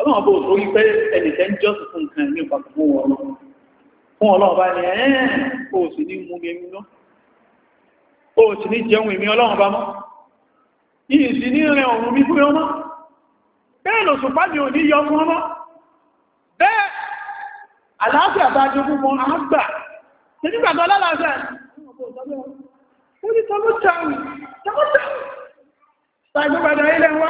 Speaker 1: ọlọ́run bó torí pé ẹnìkẹ́ ń jọ́sì fún nǹkan ní ìpapọ̀ fún ọlọ́run fún ọlọ́run bá ní ẹ̀ẹ́n ó sì ní mú mi mú ó sì ní jẹun ìmí ọlọ́run bá mọ́ yìí sì ní rẹ ọ̀run mi fún ọmọ bẹ́ẹ̀ lò sùpá mi ò ní yọ fún ọmọ bẹ́ẹ̀ àlàáfíà bá jẹ́ fún wọn àgbà nígbàtọ̀ lálàáfíà ó ní tọ́lọ́tàwì tọ́lọ́tàwì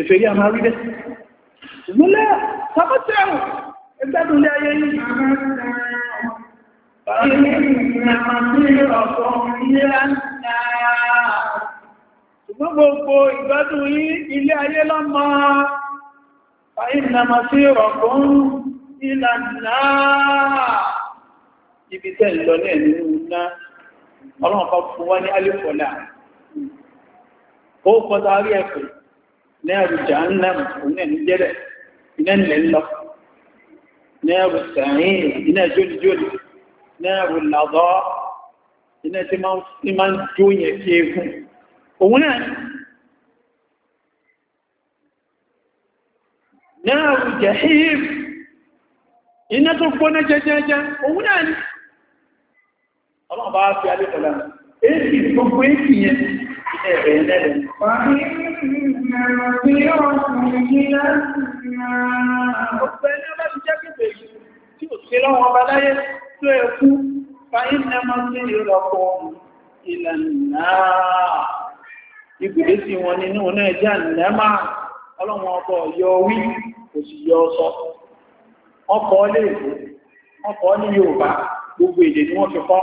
Speaker 1: ìfèrí àmà rí bẹ́ ìmúlẹ̀ sàkọ́tẹ̀ ẹ̀rùn ẹgbẹ́dùn lé ayé ibi tẹ́
Speaker 2: lọ ní ẹ̀nì ìrúnná
Speaker 1: ọlọ́run kan fún wá ní alẹ́fọ́lá ó kọta rí ẹ̀kùn ní àrùn jahannam òun ẹni jẹ́rẹ̀ iná nílẹ̀ ńlọ ní àrùn sàárín iná jónijóni ní àrùn làdọ́ iná tí máa ń jó yẹn fi egun òun náà ní àrùn jahim iná tó gbóná jẹjẹjẹ òun náà ni ọlọ́run bá fi alẹ́ pẹ̀lú èyí gbogbo èyí yẹn ẹ̀rẹ̀ lẹ́rẹ̀.
Speaker 2: Wà ní ìrìnàmọ̀ tí ó rọrùn ní
Speaker 1: láti máa. Ọ̀pẹ́ ní ọlá ti jẹ́ pípẹ̀ yìí tí ò sí lọ́wọ́ ọba láyé tó ẹkú, fa ìrìnàmọ̀ tí ó rọrùn ìlànà ìpìlẹ̀ sí wọn nínú náà jẹ́ ànìyàn ọlọ́run ọkọ̀ yọ wí kò sì yọ sọ. Ọkọ̀ lè ọkọ̀ ní Yorùbá gbogbo èdè ni wọ́n fi kọ́.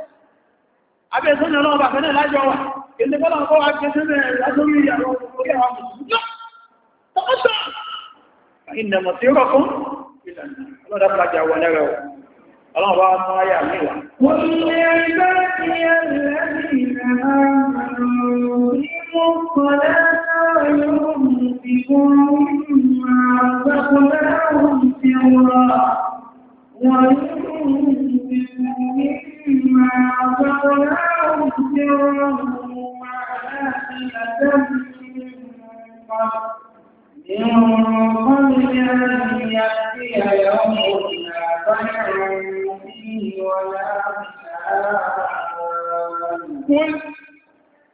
Speaker 1: abẹ́ sọ́nà ọlọ́run náà lájọ wà ilé wa kí ẹsẹ̀ mẹ́rin lásórí ìyàwó orí àwọn mùsùlùmí tọ́kọ́tọ́ ìnàmọ̀ tí ó rọ̀ fún ọlọ́dà pàjá wà lẹ́rẹ̀ ọlọ́run bá mọ́ ayà níwà wọ́n lè ẹgbẹ́ ti ẹlẹ́rìí ìrìnà أنذرناهم سرا وعافية من قبل أن يأتي يوم لا بيع فيه ولا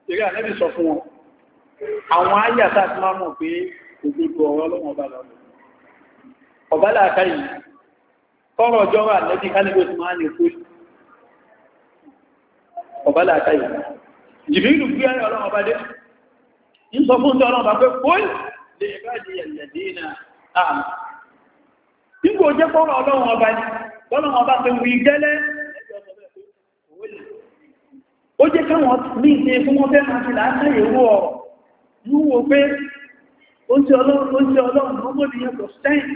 Speaker 1: Ìrí ànẹ́bì sọ fún wọn,
Speaker 2: àwọn ayé àtàtí
Speaker 1: máa mọ̀ pé ògbogbo ọ̀rọ̀ ọlọ́wọ̀n bá lọ́wọ́. Ọ̀bá láàká yìí, kọ́rọ̀ ọjọ́ wà lẹ́bí kálẹ̀bẹ̀ tí máa ń lè kó ọba láàkáyì jìbìrìlù gbé ayé ọlọ́run ọba dé ń sọ fún ọlọ́run ọba pé kó lè bá di ẹ̀lẹ́dínà àmì nígbò jẹ́ pọ́rọ̀ ọlọ́run ọba ni ọlọ́run ọba tó wí gẹ́lẹ́ ó jẹ́ káwọn ní ìṣe fún wọn fẹ́ máa fi láàkáyè wú ọ̀rọ̀ ní wo pé ó ń ṣe ọlọ́run ló mọ́ nìyẹn kò sẹ́yìn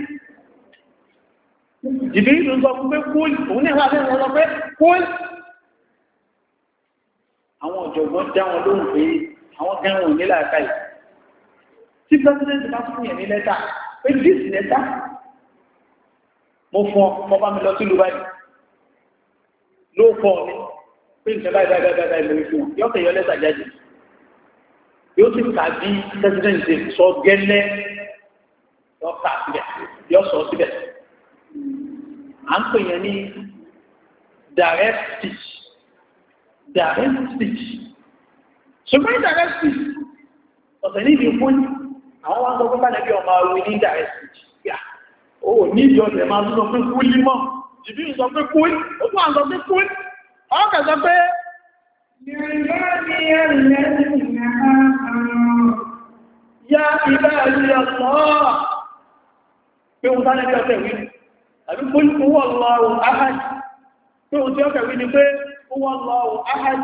Speaker 1: jìbìrìlù sọ fún pé kó òun ní àwọn ọ̀jọ̀gbọ́n dá wọn lóhùn pé àwọn gẹ́rùn ún nílà ẹ̀ka yìí tí pẹ́sidẹ́ntì bá fún yẹn ní lẹ́tà pé díìsì lẹ́tà mo fún ọ mo bá mi lọ sílùú báyìí ló kọ́ mi pé nǹkan báyìí báyìí báyìí báyìí lórí fún wọn yóò fẹ́ yọ lẹ́tà jáde yóò sì kà bí pẹ́sidẹ́ntì sọ gẹ́lẹ́ yóò kà síbẹ̀ yóò síbẹ̀ à ń pè yẹn ní direct speech direct speech ṣùgbọ́n direct speech ọ̀sẹ̀ ní ìlú fún àwọn wọn sọ pé bàlẹ̀ bí ọmọ orin ní direct speech yà ó ní ìjọ ọ̀sẹ̀ máa sọ pé kú límọ̀ ìbí sọ pé kú ó tún àwọn sọ pé kú ọkà sọ pé Ya ìbá ìlú ọ̀sọ́ pé òun sáré bí ọ̀sẹ̀ wí, àbí kó ní kó wọ́n lọ́rùn áhàjì pé òun tí ọ̀sẹ̀ wí ni pé huwa Allahu ahad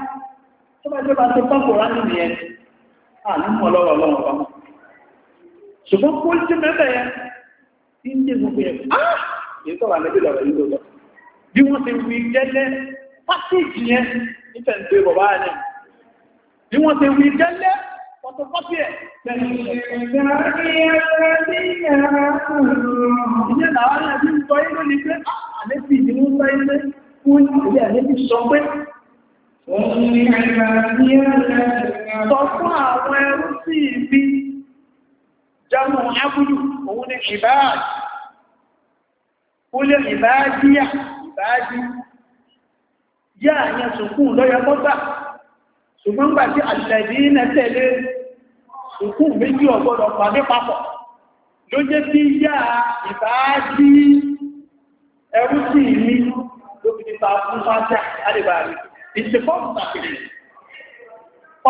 Speaker 1: tó bá jẹ́ bá ti pọ́pọ̀ rá nínú yẹn àní mọ́ lọ́rọ̀ lọ́wọ́ bá ṣùgbọ́n kó tí mẹ́fẹ́ yẹn tí ń dé gbogbo yẹn ah èyí sọ̀rọ̀ àmẹ́bí lọ́rọ̀ yìí lọ́jọ́ bí wọ́n ti wí gẹ́lẹ́ pàṣẹ́jì yẹn nífẹ̀ ń pè bọ̀bá yẹn bí fún ìdílé àlébí sọ pé sọ fún àwọn ẹrú sí ibi jámù ábúlù òun ni ìbáàdì kúlẹ̀ ìbáàdíyà ìbáàdí yá àyàn sùkún lọ́yọ́ tọ́gbà ṣùgbọ́n gbà tí àṣẹ̀dí ní tẹ̀lé sùkún méjì ọgbọ́dọ̀ pàdé papọ̀ ló jẹ́ tí yá ìbáàdí ẹrú sí ìlú nípa fún fájá àdìbàrí ìsìnkọ́ọ̀mù tàbí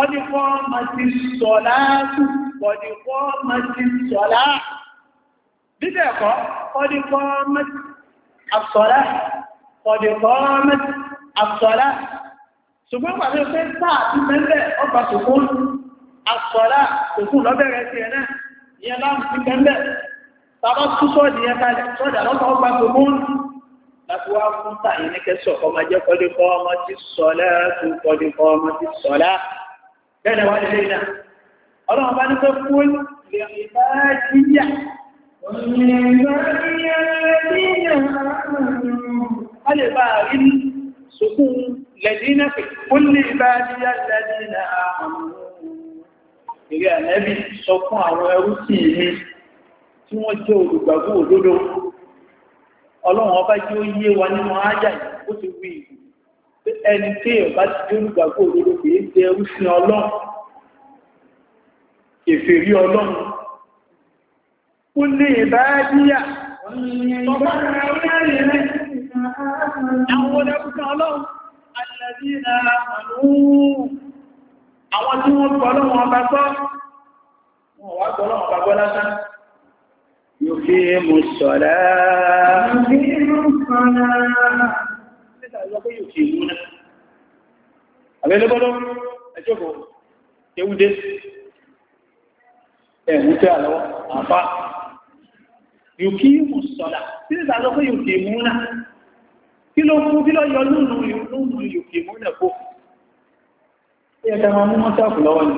Speaker 1: ọdíkọ́ ma ti sọ̀lá ọdíkọ́ ma ti sọ̀lá bíbẹ̀ ẹ̀kọ́ ọdíkọ́ ma ti àsọ̀lá ọdíkọ́ ma ti àsọ̀lá ṣùgbọ́n pàdé pé sáà ti mẹ́lẹ̀ ọgbà ṣùgbọ́n àsọ̀lá òkú lọ́bẹ̀rẹ̀ sí ẹ̀nà ìyẹn láàrín ti mẹ́lẹ̀ tàbá túnṣọ́ ìdíyẹn kalẹ̀ sọ́dà lọ́pàá ọgbà ṣùgbọ́n láti wá fún tàyí ní kẹsọ̀ kọ́ máa jẹ́ kọ́díkọ́ ọmọ ti sọ̀lá tó kọ́díkọ́ ọmọ ti sọ̀lá bẹ́ẹ̀ wá lè náà ọlọ́run bá ní pé fún lè bá jíjà a lè bá lẹ́dínà pé fún lè bá lẹ́dínà àmọ́ ìrẹ́ àlẹ́bí sọ fún àwọn ẹrú ọlọ́run ọba tí ó yé wa nínú ájá yìí ó ti wí ìlú ẹni tí ọba ti dé olùgbàgbọ́ òdodo kì í ṣe ẹrú sí ọlọ́run
Speaker 2: èfèrí ọlọ́run
Speaker 1: ó lè bá yíyà àwọn ọdẹ́kùnkan ọlọ́run alẹ́bí na àwọn tí wọ́n gbọ́ ọlọ́run ọba gbọ́ wọn wá gbọ́ ọlọ́run ọba gbọ́ lásán Yòkímù sọ̀lá. Yòkímù sọ̀lá. Nígbà ìlọ́pẹ́ yòkímù náà. Àbẹ́lẹ́bọ́lọ́, ẹjọ́bọ̀, ewúdé, ẹ̀mú tẹ́ àlọ́wọ́, àfá. Yòkímù sọ̀lá. Nígbà ìlọ́pẹ́ yòkímù náà. Kí ló fún kí lọ yọ lónú yòkímù náà kó? Ẹ̀yẹ̀ta máa mú mọ́tàkù lọ́wọ́ ni.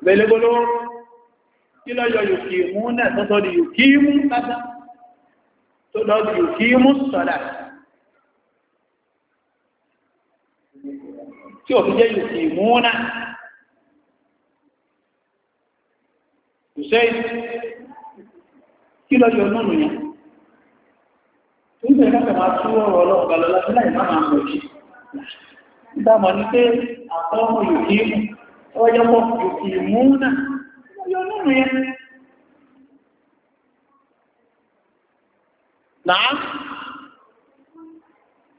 Speaker 1: Àbẹ́lẹ́bọ́lọ́, kí lọ́yọ̀ yòkí mú náà tó tọ́ di yòkí mú sọ́dá tó lọ́ di yòkí mú sọ́dá
Speaker 2: tí ò fi jẹ́ yòkí mú náà
Speaker 1: Hussein kí lọ́yọ̀ nínú yẹn tó ń bẹ̀rẹ̀ láti máa tú ọ̀rọ̀ ọlọ́pàá lọ láti láì má máa mọ̀ sí ìdámọ̀ ní pé àtọ́mù yòkí mú ọjọ́ yòkí mú náà مؤمن نعم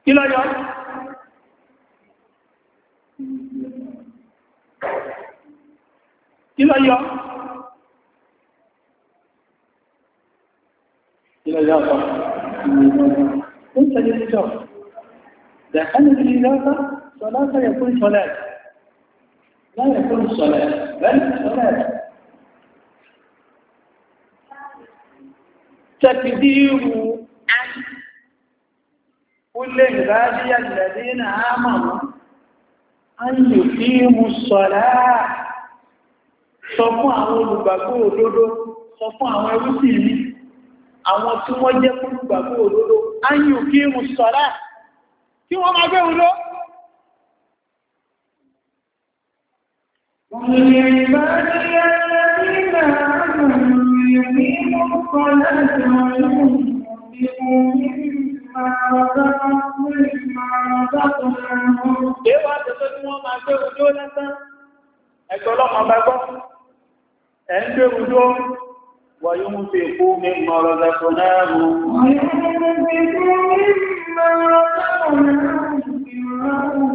Speaker 1: إلى يوم إلى يوم
Speaker 2: إلى يوم كنت للجوم دخل
Speaker 1: الإجابة صلاة يكون صلاة
Speaker 2: لا يكون صلاة بل صلاة
Speaker 1: tẹ̀kìdíru án ó lè ìbájí àjẹ̀dé na ámàmù an lè fi mú sọ̀rá sọ fún àwọn olùgbàgbọ́ òdodo sọ fún àwọn ẹrúsì mi àwọn tí wọ́n jẹ́ olùgbàgbọ́ òdodo an yìí kí mú sọ̀rá kí wọ́n máa gbé òdó
Speaker 2: Wọ́n ni ìbájí àjẹ̀dé
Speaker 1: wọ́n máa gbé ojú lẹ́sán ẹ̀tọ́ ọlọ́pàá bá gbọ́ ẹ̀ ń gbé ojú وينفقوا مما رزقناه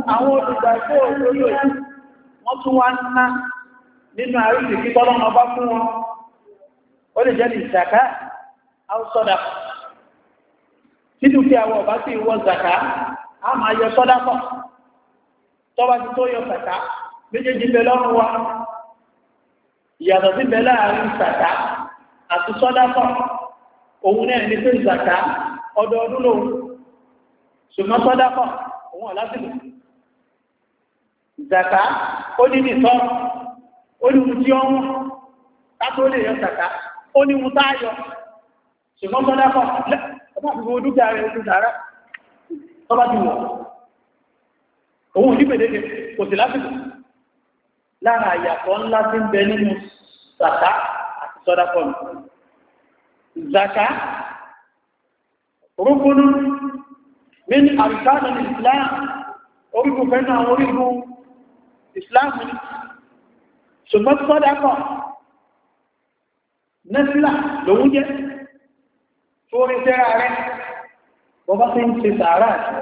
Speaker 1: Àwọn wọ́n tún wá ná nínú kí fún wọn. Ó lè jẹ́ ní ìṣàká, kí a máa tọ́ba ti tó yọ sàtà méjèèjì bẹ lọ́rùn wa ìyàtọ̀ sí bẹ láàrin sàtà àti sọ́dáfọ̀ òun náà ní pé sàtà ọdọọdún lòun ṣùgbọ́n sọ́dáfọ̀ òun ọ̀lásìlò zàtà ó ní nìtọ́ ó ní ohun tí ó ń tátó lè yọ sàtà ó ní ohun táyọ ṣùgbọ́n sọ́dáfọ̀ lẹ́ ọba fi wo dúkìá rẹ̀ ojú sàárà tọ́ba ti wọ̀ òun ní pèdéke kò sí lásìkò lára àyàtọ̀ ńlá tí ń bẹ nínú zaka àti sọ́dá pọ̀lù zaka rúkúnú min àrùsánà ní islam orígun fẹ́nà àwọn orígun islam ní ṣùgbọ́n sọ́dá pọ̀ nẹ́sílà lòun jẹ́ tó rí rẹ̀ bọ́bá sí ń ṣe sàárà àti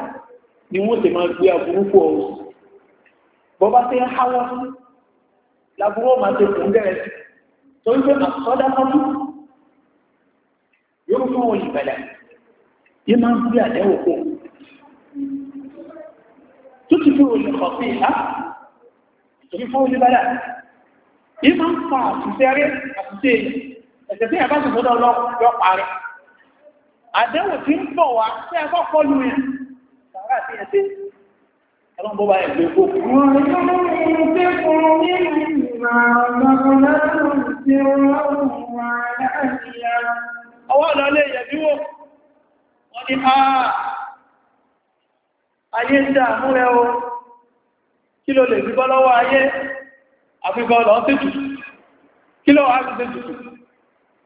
Speaker 1: ni wọ́n ti máa gbé aburúkú ọ̀rọ̀ bọ́bá tí ń háwọ́ láburú ọmọ àti òkú bẹ̀rẹ̀ torí pé àsọdá kọ́tù yóò fún wọn ìbẹ̀lẹ̀ yìí máa ń gbé àdẹ́wò kó tó ti fi òyìn kọ̀ sí ìhá torí fún olùbẹ̀lẹ̀ yìí máa ń fa àtúnṣe rẹ̀ àtúnṣe ẹ̀sẹ̀ tí ẹ̀ bá ti sọ́dọ̀ lọ parí àdẹ́wò tí ń bọ̀ wá tí ẹ̀
Speaker 2: sàárà tí ẹ ṣe ọlọ́run bó
Speaker 1: bá ah, ayé ń dà mú rẹ o kí ló lè gbígbọ́ lọ́wọ́ ayé àfihàn lọ sí tùtù kí ló wà sí tùtù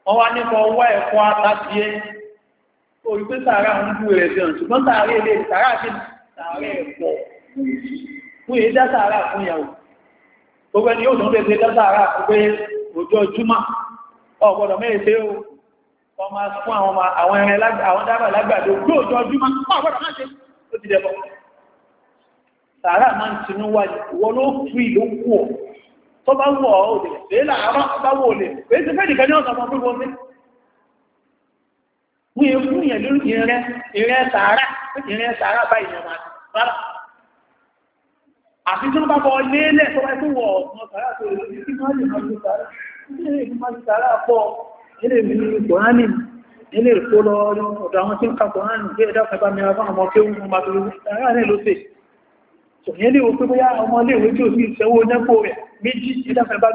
Speaker 1: wọ́n wá nípa ọwọ́ ẹ̀kọ́ àtàkìyẹ orí pé sàárà ń bú rẹ̀ gan ṣùgbọ́n sàárà ilé sàárà ṣe sàárà ẹ̀pọ̀ fún èyí dá sàárà fún yàwó gbogbo ẹni yóò tún lè ṣe dá sàárà fún pé ọjọ́ júmọ́ ọ̀gbọ́dọ̀ mẹ́rin o ó ọmọ fún àwọn ẹran àwọn dábà lágbàdo lóòjọ́ júmọ́ ọ̀gbọ́dọ̀ má ṣe ó ti dẹ̀bọ̀ sàárà máa ń tinú wá ìwọ ló fi ìlú kú ọ tó bá wù ọ ò fún yẹn fún yẹn lórí ìrẹ ìrẹ sàárà ìrẹ sàárà báyìí yẹn máa rárá àfi tó bá bọ lélẹ̀ tó bá tó wọ̀ ilé ìlú máa lè ọ̀dọ̀ àwọn tí ń ka kòránì gbé ẹ̀dá kẹta mìíràn fún ọmọ kéwù máa tó lè sàárà ló fè ṣòyẹ́ lè wo pé bóyá ọmọ ilé ìwé tí ò sí ìṣẹ́wó nẹ́pọ̀ rẹ̀ méjì ẹ̀dá kẹta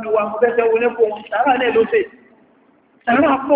Speaker 1: bá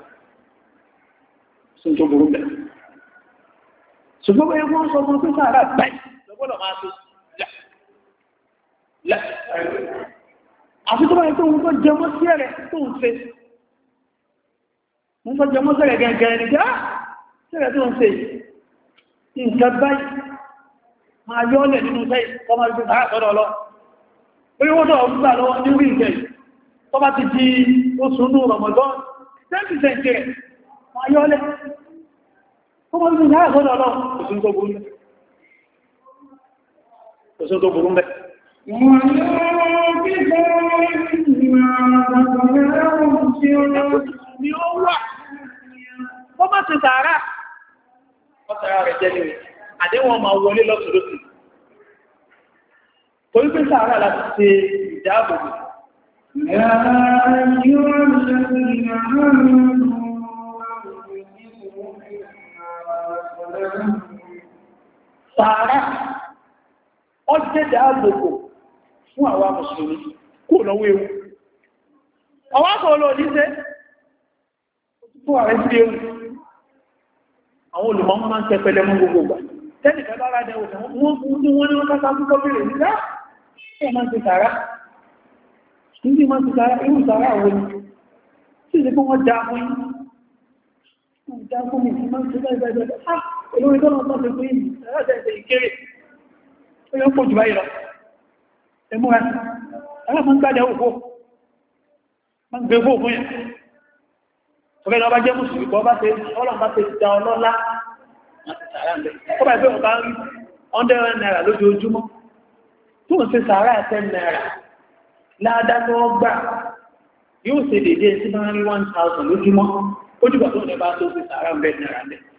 Speaker 1: sún tó burú bẹ̀. ṣùgbọ́n bẹ́ẹ̀ wọ́n sọ fún pípa ara báyìí lọ́gbọ́dọ̀ máa tó yà àti tó báyìí tó ń tọ́ jẹmọ́ sí ẹ̀rẹ̀ tó ń fẹ́ mú tọ́ jẹmọ́ sẹ́rẹ̀ gẹ̀ẹ́gẹ̀ẹ́ ní jẹ́ sẹ́rẹ̀ ah, tó ń fẹ́ nǹkan báyìí máa yọ́ lẹ̀ nínú sẹ́yìn kọmọ ibi tàà sọ́dọ̀ lọ orí wọ́n tọ́ gbà lọ́wọ́ nínú ìjẹ́ tó bá ti di oṣù nù rọ̀mọ̀dọ́ 10% wọ́n yọ́lẹ̀ mọ́ sí náà lọ́dọ̀ lọ òsùn tó burú mẹ́ Wọ́n bá ti sàárà, ọ̀sára rẹ̀ jẹ́ ni àdéwọ̀n máa wọlé lọ́tùlótù. Torí pé sàárà láti ṣe ìdáàbòbò. Ẹ̀rọ ayé wọ́n ṣe ìrìnàmọ́ sàárà ó jẹ́ dáàbòbò fún àwa mùsùlùmí kò lọ́wọ́ ewu ọwá kò lọ níṣẹ́ fún ààrẹ sí ewu àwọn olùmọ́ máa ń tẹpẹlẹ mú gbogbo gbà tẹ́lìkà bára dẹwò wọ́n ní wọ́n ní wọ́n kásá púpọ̀ bèèrè nígbà ẹ̀ máa ti sàárà níbi máa ti sàárà ewu sàárà àwọn ni sí ìdí pé wọ́n já fún yí pẹ̀lú ìtọ́nà tó ti fún ìlú ẹ̀ẹ́sẹ̀ ìkéré ó yọ pọ̀ jù báyìí lọ ẹmúra aláàmọ́ ń gbádẹ òkú ma ń gbẹ̀gbọ́ òkú yẹn ọ̀fẹ́ ni ọba jẹ́ mùsùlùmí kọ́ bá tẹ́ ọlọ́run bá tẹ́ da ọlọ́lá
Speaker 2: ó bá ìfẹ́ ọba ń rí
Speaker 1: 100 naira lójoojúmọ́ tó ń ṣe sàárà 10 naira láàdá tó wọ́n gbà yóò ṣe dédé sí máa ń rí 1000 lójúmọ́ ó jùgbà tó ń bá tó ṣe sàárà 100 naira lẹ́yìn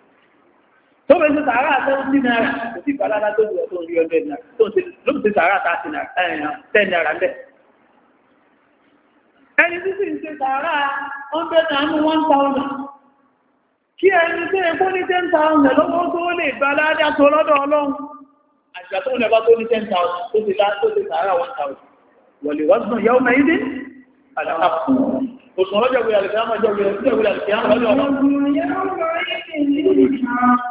Speaker 1: tó bẹ ṣe sàárà seventy naira kò sí ìgbàlára tó ju ọ̀tún rí ọdún náírà tó ń ṣe sàárà thirty naira ten naira bẹ́ẹ̀. ẹni tí sì ń ṣe sàárà hundred and one thousand kí ẹni tí epo ní ten thousand lọ́wọ́ tó lè gba aládá tó lọ́dọ̀ ọlọ́run àṣà tó lẹ́bà tó ní ten thousand tó ti lá tó ti sàárà one thousand wọ̀lẹ̀ wọ́sùn àdàkùn òṣùwọ̀n lọ́jọ́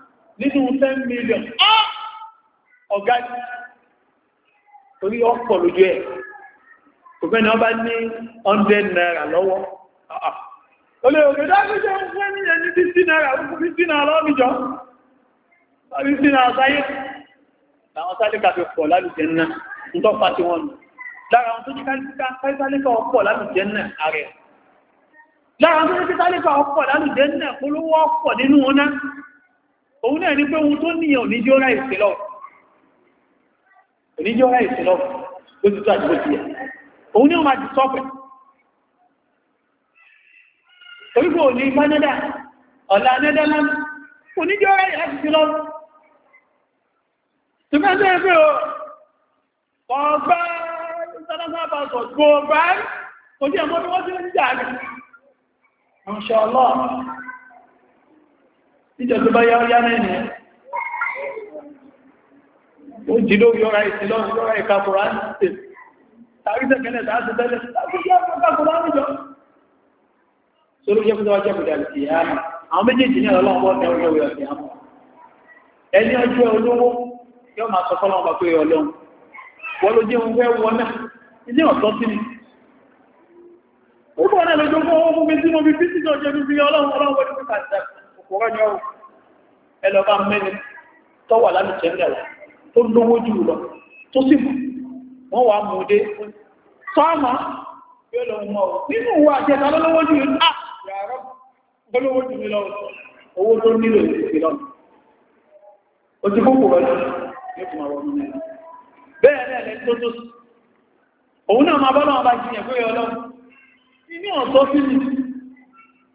Speaker 1: nínú 10 million ah! ọ̀gá orí ọ̀pọ̀ lójú ẹ̀ òfin náà bá ní 100 naira lọ́wọ́ ah, ah. olè òkè dákúnjẹ́ fún ẹni ẹni 50 na fún 50 naira lọ́mìjọ́ 50 naira sáyé àwọn sálẹ́kà fi pọ̀ lálùjẹ́ náà ń tọ́fà tí wọ́n lára àwọn tó jí sálẹ́kà ọ̀pọ̀ lálùjẹ́ náà òun náà ní pé ohun tó níyàn oníjọ́rá ìsìlọ́ oníjọ́rá ìsìlọ́ ló ti tó àjíbó ti yẹ òun ní ọmọ àti sọ́pẹ̀ orígbò ní Canada ọ̀la Netherland oníjọ́rá ìsìlọ́ tó bá jẹ́ pé ọgbà international passport gbogbo báyìí kò jẹ́ ọmọdé wọ́n ti ń jà ní Masha Allah níjọ tó bá yáwó yáná ẹni ó jí lórí ọ̀rá ìsìlọ́ ọ̀rá ìkàkùrá ní ṣe tàbí tẹ́kẹ́lẹ̀ tàbí tẹ́lẹ̀ tàbí yá kàkùrá níjọ sórí jẹ́ fúnjẹ́ wájẹ́ kùdà sí àmà àwọn méjèèjì ní ọlọ́wọ́ ní ọjọ́ ìwé ọ̀sẹ̀ àmà ẹni ọjọ́ olówó yóò máa sọ fọ́lọ́wọ́ bá pé ọlọ́run wọ́n ló jẹ́ ohun fẹ́ wọ náà ilé ọ̀tọ́ sí ni ó bọ̀ náà lójó fún rọ́jọ́ ẹlọ́bá mẹ́rin tó wà láti jẹ́mẹ̀rẹ̀ tó lówó jù lọ tó sì wọ́n wà mú dé sọ́ọ̀mà yóò lọ mọ́ nínú wà jẹta lọ́wọ́ jù lọ ah, yàrá gbọ́lówó jù lọ owó tó nílò ìpìlọ ojú kókò rẹ̀ yóò fún àwọn ọmọ mẹ́rin bẹ́ẹ̀ lẹ́ẹ̀lẹ́ tó tó òun náà máa bọ́lọ́wọ́ bá jiyàn pé ọlọ́run inú ọ̀tọ́ sí ni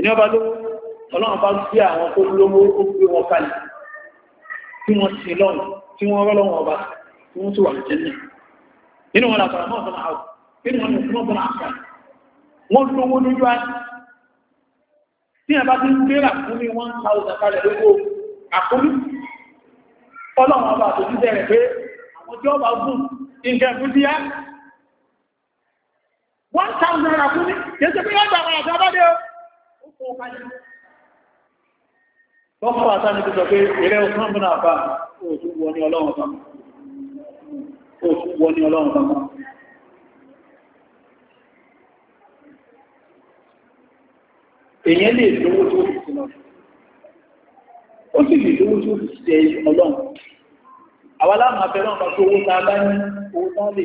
Speaker 1: ẹni ọba lówó ọlọ́run bá gbé àwọn tó lówó ó gbé wọn kalẹ̀ tí wọ́n ti lọ́nà tí wọ́n rọ́ lọ́wọ́ ọba tí wọ́n ti wà ní jẹ́nà nínú wọn làbàrà mọ́ ọ̀tọ̀ náà nínú wọn lòfin ọ̀tọ̀ náà àkà wọ́n lówó lójú á tí a bá ti ń gbéra fún ní one thousand kalẹ̀ lówó àkórí ọlọ́run ọba àtòjú bẹ̀rẹ̀ pé àwọn tí ọba gùn nǹkan fún ti yá one thousand naira fún ní kí ẹ ti fi lọ́gbà àwọn àti abáde o Lọ́pọ̀ àtàrí ti sọ pé ìrẹ́ òsùn mú náà bá òsùn ní ọlọ́run bá. Èyẹ́ lè lówó tó fi sí lọ. Ó sì lè lówó tó fi sí ọlọ́run. Àwọn aláàmà fẹ́ràn lọ owó bá ní owó lè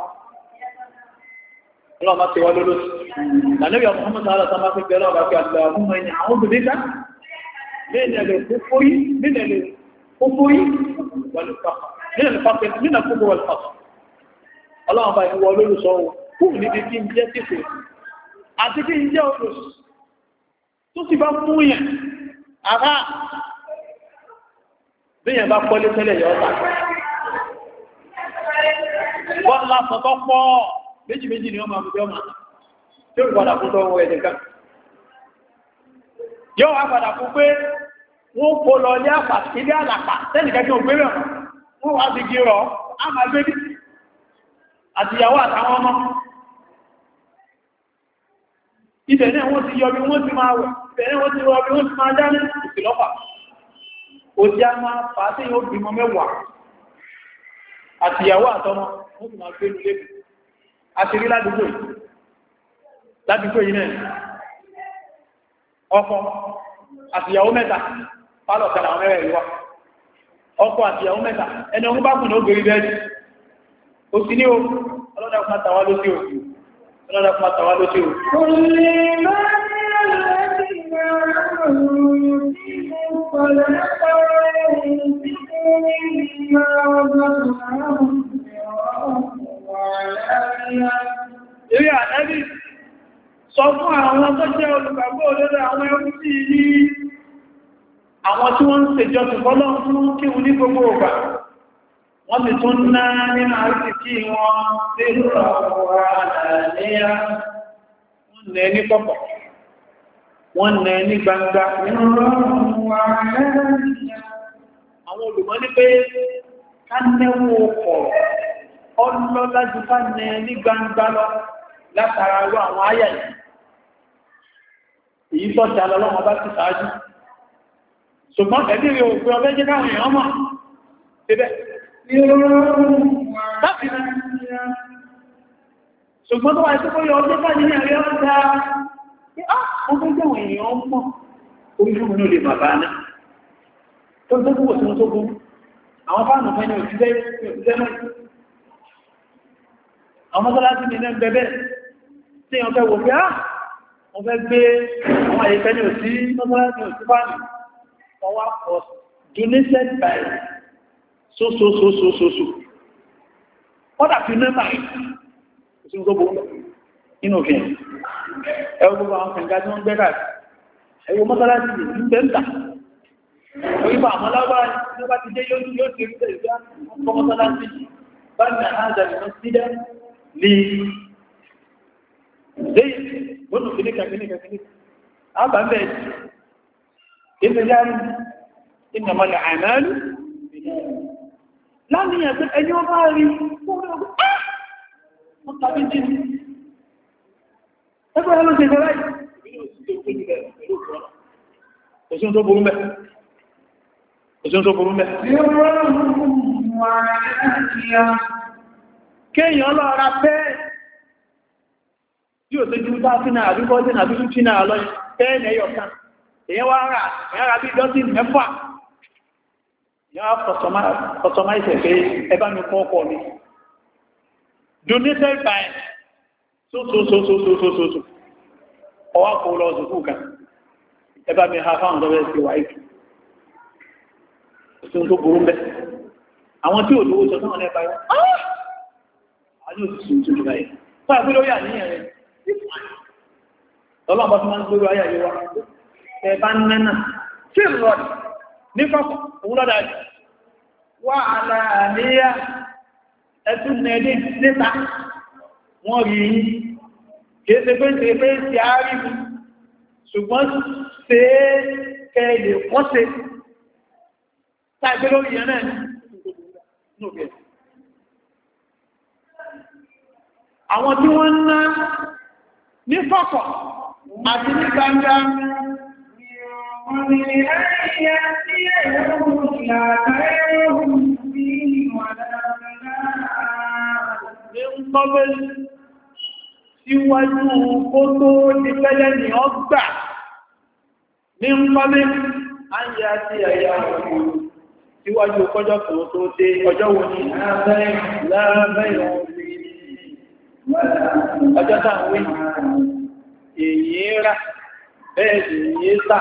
Speaker 1: ọlọ́run bá ti wá lóló lànàbí àwọn ọmọ sáárà sábà fi bẹ̀rẹ̀ ọ̀gá fi àgbà àwọn ọmọ ẹni àwọn obìnrin ká nílẹ̀ lè kókó yìí nílẹ̀ lè kókó yìí nílẹ̀ lè pàpẹ nílẹ̀ kókó wọlé pàpẹ ọlọ́run bá ìwọ lóló sọ wọn kúrò níbi kí n wọ́n lásán tó pọ̀ méjì méjì ni wọ́n máa mú jọ́mà tí ó padà fún ẹ̀dẹ̀ kan yóò wá padà fún pé wọ́n kó lọ ilé àpà ilé àlàpà wọ́n wá sí gírọ̀ á máa gbé bí àtìyàwó àtàwọn ọmọ ibẹ̀ náà wọ́n ti yọbi wọ́n ti máa wẹ̀ ibẹ̀ náà wọ́n ti rọbi wọ́n ti máa ìsìlọ́pà àti rí ládùúgbò yìí ládùúgbò yìí náà ọkọ àtìyàwó mẹ́ta pálọ̀ àwọn mẹ́rẹ̀ ìwá àtìyàwó mẹ́ta ẹni ọmọ bá kùnà ògbèrí bẹ́ẹ̀ ó sì ní o àtàwà ló sí o ló o ọrụ Eré àdábì sọ fún àwọn tó jẹ́ olùgbàgbọ́ olóòrò àwọn ẹrú sí ní àwọn tí wọ́n ń ṣèjọ tùbọ́lọ́ fún kíhù ní gbogbo ọ̀gbà Wọ́n ti tún ná nínú àríkì wọn sí
Speaker 2: ọ̀rọ̀
Speaker 1: àdáníyà. Wọ́n na ní pọ̀pọ̀. ọlọ́lá jù ká nẹ ní gbangba lọ látara rú àwọn àyà yìí èyí tó jà lọ́wọ́ bá ti sáájú ṣùgbọ́n ẹ̀dí rí òkú ọbẹ́ jẹ́ káwọn èèyàn mọ̀ síbẹ̀ ṣùgbọ́n tó wà tí kó yọ ọjọ́ bá ní ẹ̀rẹ́ ọjà tí á ọjọ́ ah, jẹ́wọ̀n èèyàn mọ̀ orílẹ̀-èdè àwọn mọ́sálásí ní ilẹ̀ bẹ̀bẹ̀ tí wọ́n fẹ́ wò pé á ah, wọ́n fẹ́ gbé àwọn àyẹ̀fẹ́ ní òsí mọ́sálásí òsí fáàmì ọwá pọ̀ donated by so so so so so so ọ́dà fi mẹ́mà òsìn gbogbo inú òfin ẹwọ gbogbo àwọn kẹ̀kẹ́ tí wọ́n gbẹ́ káàkiri ẹwọ mọ́sálásí ní bẹ́ńtà
Speaker 2: Orípa àwọn aláwọ̀
Speaker 1: ní ọba ti dé bá ní àádọ́ ìmọ̀ sílẹ̀ ní lẹ́yìn gbọ́nà kìníkà kìníkà kìníkà àbàbẹ̀ ìfẹ̀jáàrí ìnàmọ̀lẹ̀ àmàlù láníyàn pé ẹni ọba rí fún ah! tàbí jí ẹgbẹ́ ẹlọ́ ti fẹ́rẹ́ òsìn tó burú mẹ́ òsìn tó burú mẹ́ kéèyàn lọ ra tí ò tójú táfínà àbíkọ́sí àbí túnṣínà lọ pẹ́ẹ̀nì ẹyọkan èyàn wá rà èyàn bí dọ́sìn mẹ́fà èyàn wá kọ̀sọ̀má ìṣẹ̀fẹ́ ẹbá mi kọ́ ọkọ̀ mi donated by sósòsòsòsòsòsò ọwá kò lọ sùkú kan ẹbá mi ha fáwọn sí wáyé tó burú bẹ́ àwọn tí ò lówó sọ ní òṣìṣẹ́ ìjọba báyìí fún àgbé lórí àníyàn rẹ̀ ọlọ́pàá tó máa ń gbórí ayé wa ẹ bá ń nánà tí rọ̀dì ní fọ́fọ́ òun lọ́dà jù wà àlàáníyà ẹtún nẹ́ẹ̀dẹ́ níta wọ́n rí yí kìí ṣe pé ṣe pé ṣe àárí mi ṣùgbọ́n ṣe kẹ́ẹ̀lẹ̀ kọ́ṣe táìpé lórí yẹn ẹ̀ àwọn tí wọ́n ná ní fọ́kọ̀ àti ní gbangba Síwájú kó tó ní pẹ́lẹ́ ni ọ gbà ní ń pọ́lé, a ń yà sí ẹ̀yà òkú. Síwájú kọjọ́ kan tó dé ọjọ́ wo ni láàbẹ̀ ìrọ̀ ọjọ́ tá wí èyí rà bẹ́ẹ̀ èyí tà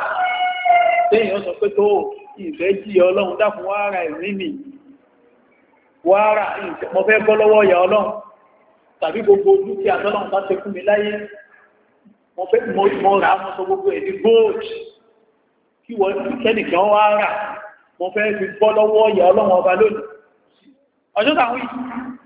Speaker 1: tẹ́yìn ó pé tó ìfẹ́ jí ọlọ́run dákun wá ẹ̀rí mi wá ara fẹ́ bọ́ lọ́wọ́ ìyà ọlọ́run tàbí gbogbo dúkìá tọ́lọ́run bá ṣe fún mi láyé mo rà mo sọ gbogbo ẹ̀dí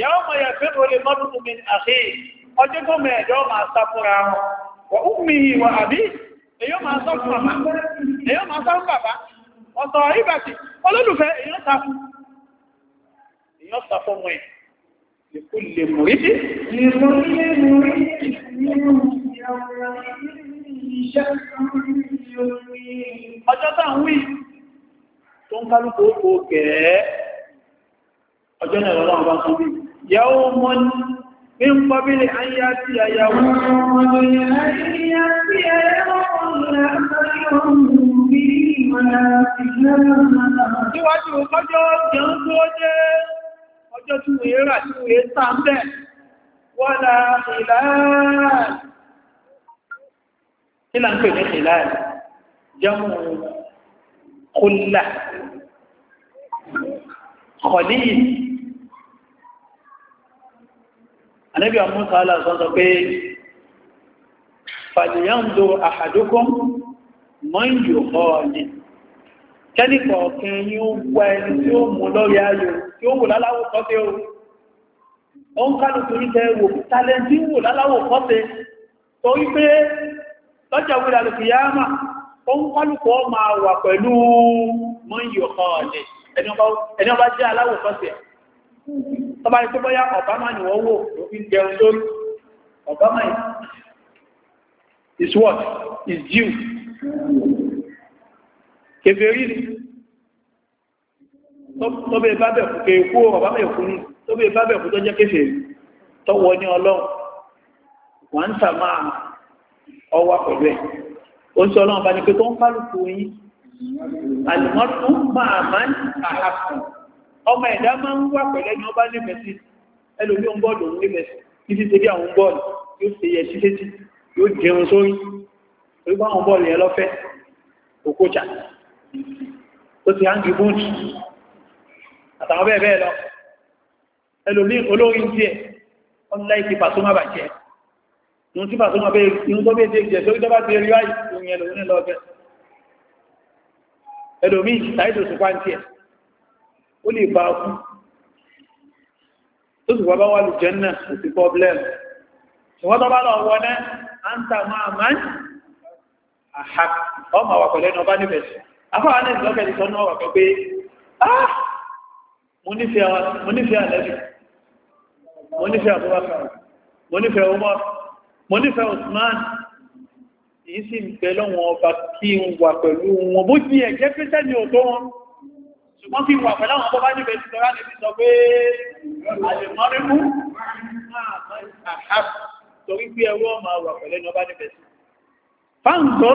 Speaker 1: yàwó yà fẹ́ olè mọ́tò mi àṣẹ ọjọ́ tó mẹ́ẹ̀dọ́ máa sá wọn wà mi ìwà àbí èyàn máa sọ bàbá ọ̀sọ̀ ìbàtì olólùfẹ́ èyàn sá ọjọ́ tó ń kálùkù ó
Speaker 2: gẹ̀ẹ́
Speaker 1: ọjọ́ náà lọ́wọ́ bá tún bí yàwó mọ́ ní ń pọ́ bílẹ̀ ayá tí a yàwó níwájú ọjọ́ jẹun tó jẹ́ ọjọ́ tí wèé rà tí wèé kọ̀líyì anẹ́bí àmúta aláàsọ́sọ́ pé fàdìyàndò àhàdókún mọ́yìnjò ọ̀ọ̀lì kẹ́lìkọ̀ ọ̀kan yí ó wà ẹni tí ó mú lọ́rí ayò tí ó wò láláwò kọ́tẹ́ o ó ń kálùkù ní tẹ́wò tàlẹ́ntí wò láláwò kọ́tẹ́ tó wí pé lọ́jà wílàlùkù yáàmà ó ń kálùkù ọ máa wà pẹ̀lú mọ́yìnjò ọ̀ọ̀lì ẹni ọba jẹ́ aláwọ̀ sọ́sẹ̀ tọba ikú bọ́yá Obama ni wọ́n wò ló jẹun lórí Obama is what is due kèfèrí ni tọ́bẹ̀ bábẹ̀ kò kéèkú Obama èkú ni tọ́bẹ̀ bábẹ̀ kò tó jẹ́ kèfèrí tọ́wọ́ ní ọlọ́run wọ́n ń sàmà ọwà pẹ̀lú ẹ̀ ó ń sọ ọlọ́run bá ní pé tó ń kálukú yín àlùmọ́tò máa máa ń àhàkù ọmọ ẹ̀dá máa ń wà pẹ̀lẹ́ ní ọba ní mẹ́sì ẹlòmí ń bọ́ọ̀lù ní mẹ́sì títí tẹ́bí àwọn bọ́ọ̀lù yóò ṣe yẹ sí létí yóò jẹun sórí orí bá àwọn bọ́ọ̀lù yẹn lọ́fẹ́ òkójà tó ti hangi bóòtù àtàwọn bẹ́ẹ̀ bẹ́ẹ̀ lọ ẹlòmí olórin tiẹ̀ ọ̀nlá ìtì pàtómà bàjẹ́ ìhun tí pàtómà bẹ́ẹ̀ ìhun tó bẹ́ẹ̀ ẹlòmí ṣàìdò ṣùpáǹtì ẹ̀ ó lè bá kú tó sì wọ́n bá wà lù jẹ́ náà kò sí pọ́blẹ́m ṣùgbọ́n tó bá lọ wọ́n náà à ń ta máa máa ń àhà ọmọ àwàkọ̀ lẹ́nu ọba níbẹ̀ sí afọ́wà náà ìlọ́kẹ̀ ti sọ náà wà pé ah mo nífẹ̀ẹ́ àlẹ́bí mo nífẹ̀ẹ́ Abubakar mo nífẹ̀ẹ́ Umar mo nífẹ̀ẹ́ Usman èyí sì ń bẹ lọ́wọ́n ọba kí ń wà pẹ̀lú wọn bó jí ẹ̀jẹ́ pẹ́sẹ́ ni ò tó wọn ṣùgbọ́n kí wà pẹ̀lú àwọn bọ́bá níbẹ̀ ti sọ́rá níbi sọ pé àlèmọ́rímú torí pé ẹwọ́ ma wà pẹ̀lú ẹni ọba ní owó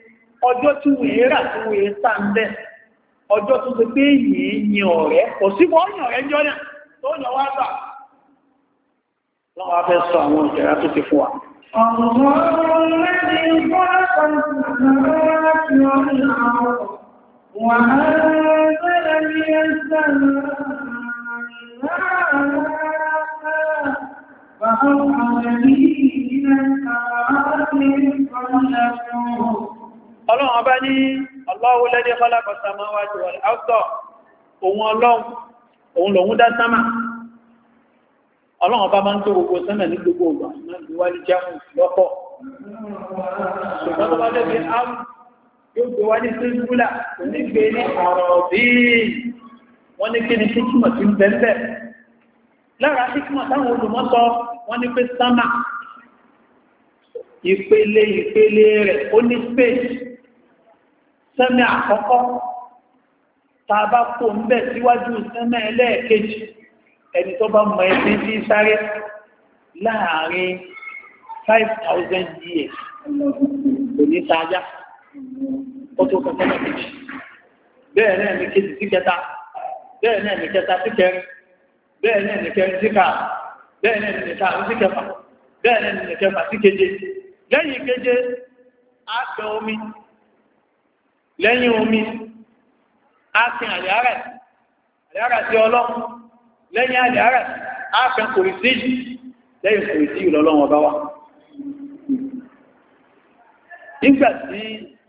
Speaker 1: ọjọ́ tí wèé rà tí wèé ń bẹ́ ọjọ́ tó ti pé yìí ọ̀rẹ́ kò sí wọ́n yìn ọ̀rẹ́ jọ náà tó yàn wá gbà wọ́n wá sọ àwọn ìjẹ̀rá tó ti فأوحى إلى قبل ọlọ́run ọba ní Allahu alladhi khalaqa samawati wal arda òun ọlọ́run òun lòun dá sámà ọlọ́run ọba máa ń tó gbogbo sámà ní gbogbo ọgbà máa ń wá ní jámù lọ́pọ̀ ṣùgbọ́n tó bá lẹ́bi áàrùn yóò gbé wá ní síngúlà kò ní gbé ní ọ̀rọ̀ bíi wọ́n ní ìpele ìpele rẹ̀ ó ní space sẹ́mẹ́ àkọ́kọ́ tá a bá kó ń bẹ̀ síwájú sẹ́mẹ́ ẹlẹ́ẹ̀kejì ẹni tó bá mọ ẹni tí sáré láàrin five thousand years kò ní sáájá ó tó kọ́ sẹ́mẹ́ kejì bẹ́ẹ̀ náà ní kejì sí kẹta bẹ́ẹ̀ náà ní kẹta sí kẹrin bẹ́ẹ̀ náà ní kẹrin sí ká bẹ́ẹ̀ náà ní ká sí kẹfà bẹ́ẹ̀ náà ní kẹfà sí keje lẹ́yìn keje á bẹ omi lẹ́yìn omi akin àlẹ́àrẹ̀ àlẹ́àrẹ̀ sí ọlọ́ lẹ́yìn àlẹ́àrẹ̀ afẹ́ kòrìsí lẹ́yìn kòrìsí ìlọ́lọ́wọ́ bá wà nígbà tí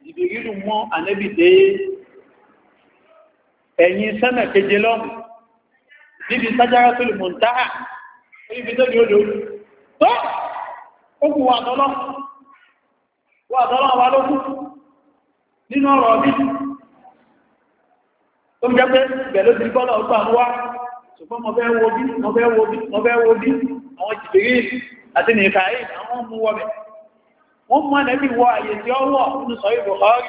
Speaker 1: ìbìrìlù mọ́ ànẹ́bì dé ẹ̀yìn sẹ́mẹ̀ keje lọ́mù níbi sájára tó lè mọ̀ntáhà níbi tó lè wà tọ́lọ́ wà tọ́lọ́ wà lókùn nínú ọ̀rọ̀ mi tó ń jẹ́ pé bẹ̀lú ti gbọ́lọ̀ ọgbà wá ṣùgbọ́n mo fẹ́ wo bí mo fẹ́ wo bí mo fẹ́ wo bí àwọn jìbìrì àti nìkàí àwọn mú wọ bẹ̀ wọ́n mú ànẹ́bí wọ àyè tí ó wọ̀ nínú sọ ìbò ọrí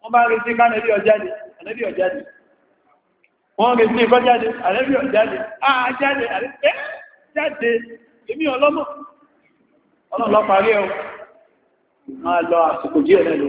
Speaker 1: wọ́n bá retí kánẹ́bí ọjáde ànẹ́bí ọjáde wọ́n retí ìkọjáde ànẹ́bí ọjáde àà jáde àrẹ́fẹ́ jáde èmi ọlọ́mọ ọlọ́lọ́parí ẹ̀ máa lọ àsìkò díẹ̀ lẹ́nu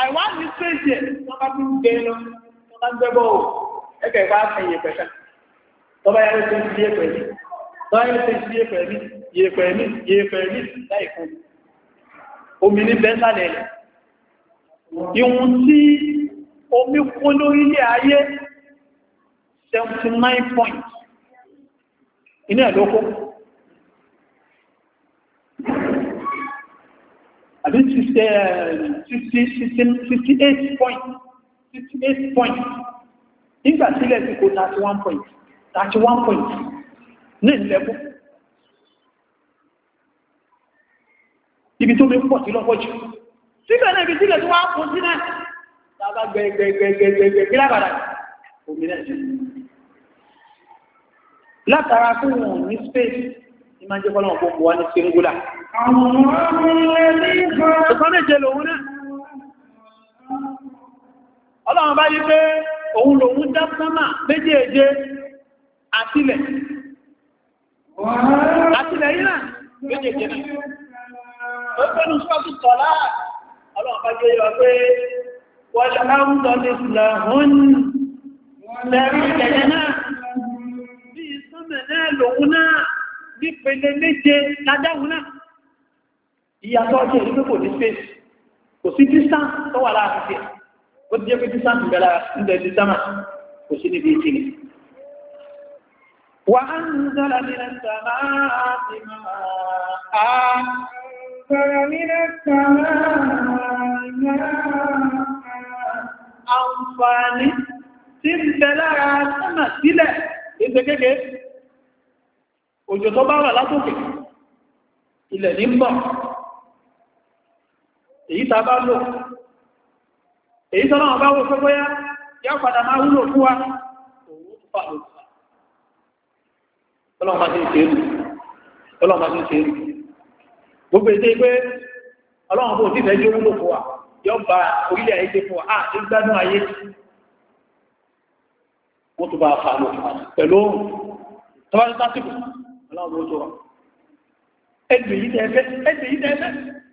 Speaker 1: àìwá ní séjì ẹ̀ wọ́n bá fi ń gbé lọ wọ́n bá ń gbẹ́bọ̀ ò ẹgbẹ́ ìwá fi yẹ pẹ̀ṣẹ̀ tọ́ba yẹn ti di yẹ pẹ̀lú tọ́ba yẹn ti di yẹ pẹ̀lú yẹ pẹ̀lú yẹ pẹ̀lú láì fún omi ní bẹ́ńsàlẹ̀ rẹ̀ ìwọ̀n tí omi kún lórílẹ̀ ayé seventy nine point iná ẹ̀ ló àbí 68 eh, point 68 point nígbà sílẹ̀ ti kó 31 point 31 point ní ìlẹ́kùn ibi tó mẹ́ pọ̀ sí lọ́pọ̀ jù síbẹ̀ náà ibi sílẹ̀ tó wá kó sí náà tàbá gbẹ̀gbẹ̀gbẹ̀gbẹ̀gbẹ̀ lábàdà òmìnà jù látara fún wọn ní space ìmájẹ́kọ́lọ́wọ́ gbogbo wá ní singular Ọ̀sán méje lòun náà. Ọlọ́run bá yí pé òun lòun dá sánmà méjèèje àtìlẹ̀. Àtìlẹ̀ yìí náà méjèèje náà. Ó pẹ́nu ṣọ́tù tọ́lá. Ọlọ́run bá yé pé wọ́n ṣe áwùtọ́ ní Ìsìlàhún. Lẹ́rí ìjẹ̀jẹ̀ náà. Bí sánmà náà ìyàtọ̀ ọjọ́ ìlú kò ní space kò sí distance tó wà láàrin tiẹ̀ ó ti jẹ́ pé distance ń bẹ lára ń bẹ ti sámà kò sí níbi ìtìlẹ̀. wà á ń dára ní ẹ̀sà máa ti máa Sọ̀rọ̀ nílẹ̀ sọ̀rọ̀ àǹfààní tí ń bẹ lára èyí ta bá lò èyí tọ́nà ọ̀bá wo fẹ́fẹ́ yá yá padà máa wúlò fún wa òun tó fà lò ọlọ́mà sí ìṣẹ́lú ọlọ́mà sí ìṣẹ́lú gbogbo èdè pé ọlọ́mà bó ti fẹ́jú wúlò fún wa yọ bá orílẹ̀ ayé fún wa á ti gbádùn ayé wọ́n tó bá fà lò pẹ̀lú tọ́wọ́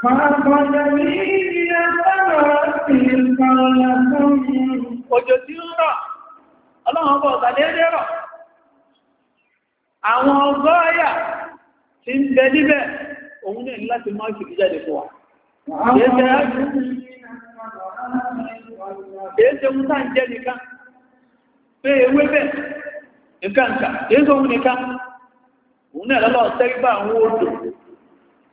Speaker 1: Òjò tí ń rọ̀, ọlọ́run ọgbọ̀ ọ̀gbàdédé rọ̀. Àwọn ọgọ́ ayà ti ń bẹ níbẹ̀, òun ní láti máa ṣe ìjáde fún wa. Èéṣe mú ń jẹ́ nìkan, pé ewé bẹ̀, èéṣe òun nìkan, òun náà lọ́lọ́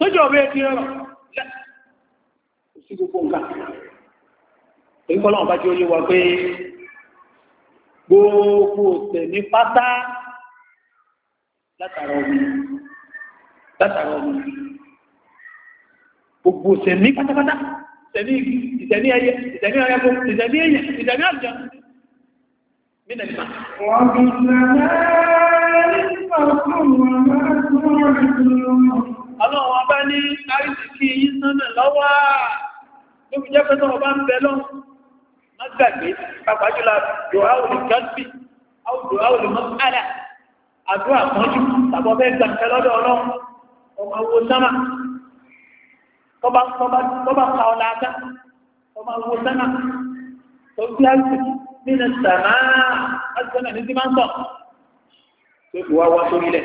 Speaker 1: lójú ọ̀bẹ ti rọrọ̀ sí gbogbo nǹkan èyí kọ́ lọ́wọ́ bá jẹ́ oyé wa pé gbogbo òsè ní pátá látara omi látara omi gbogbo òsè ní pátápátá ìtẹ̀ní ẹyẹ ìtẹ̀ní ẹyẹkó ìtẹ̀ní ẹyẹ ìtẹ̀ní àjọ mílẹ̀ nípa. wọ́n bí ọlọ́run ọba ní àríṣìkí yí sánà lọ́wọ́ ló fi jẹ́ pé tọ́wọ́ bá ń bẹ lọ́wọ́ má gbàgbé pàpàjùlá dùá òlù gásì dùá òlù mọ́sálà àdúrà mọ́jú tàbọ̀ bẹ́ẹ̀ gbàgbé lọ́dọ̀ ọlọ́run ọmọ owó sámà tọ́ba ka ọ̀la ata ọmọ owó sámà tó gbé àríṣìkí nínú sàmà àti sàmà ní sí máa ń sọ tó fi wá wá sórí lẹ̀.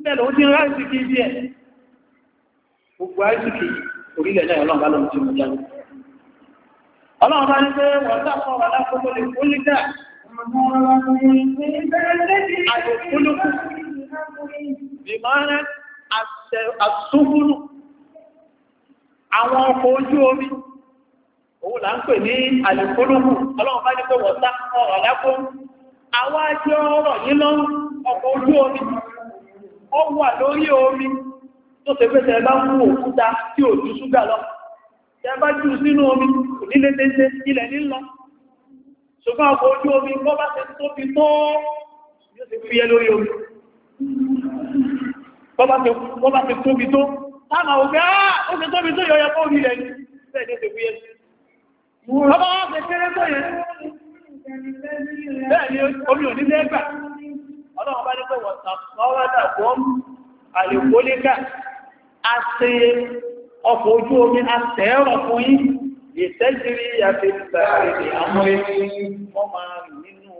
Speaker 1: bẹ́ẹ̀ lòun ti kí bí ẹ̀ gbogbo àìsíkì orílẹ̀ náà ọlọ́run bá lọ́run ti mú jáde ọlọ́run bá ní pé wọ́n sáfọ́ wà lákòókò lè kó lítà omi òun là ń pè ní àyòkúlùkù ọlọ́run bá ní pé wọ́n sáfọ́ wà lákòókò àwọn omi ó wà lórí omi tó ṣe pẹ́sẹ̀ bá mú òkúta tí ò ju ṣúgà lọ tẹ́ bá jù sínú omi kò nílé tẹ́ńtẹ́ ilẹ̀ nílọ ṣùgbọ́n ọkọ̀ ojú omi kọ́ bá ṣe tó fi tó yóò ti fi ẹ lórí omi kọ́ bá ṣe tóbi tó táàmà ògbé àà ó ṣe tóbi tó yọ̀yọ̀ fún omi rẹ̀ ní bẹ́ẹ̀ ní ṣe fi ẹ Ọba wọ́n ṣe kéré tó yẹ. Bẹ́ẹ̀ ni omi ò ní lẹ́gbàá ọlọ́run bá ní pé wọ́n sàkọ́rọ́dà fún àlèkólégà a ṣe ọkọ̀ ojú omi a tẹ́ẹ̀rọ̀ fún yín lè tẹ́jìrí àfẹ́sà èdè amúrí wọ́n máa rìn nínú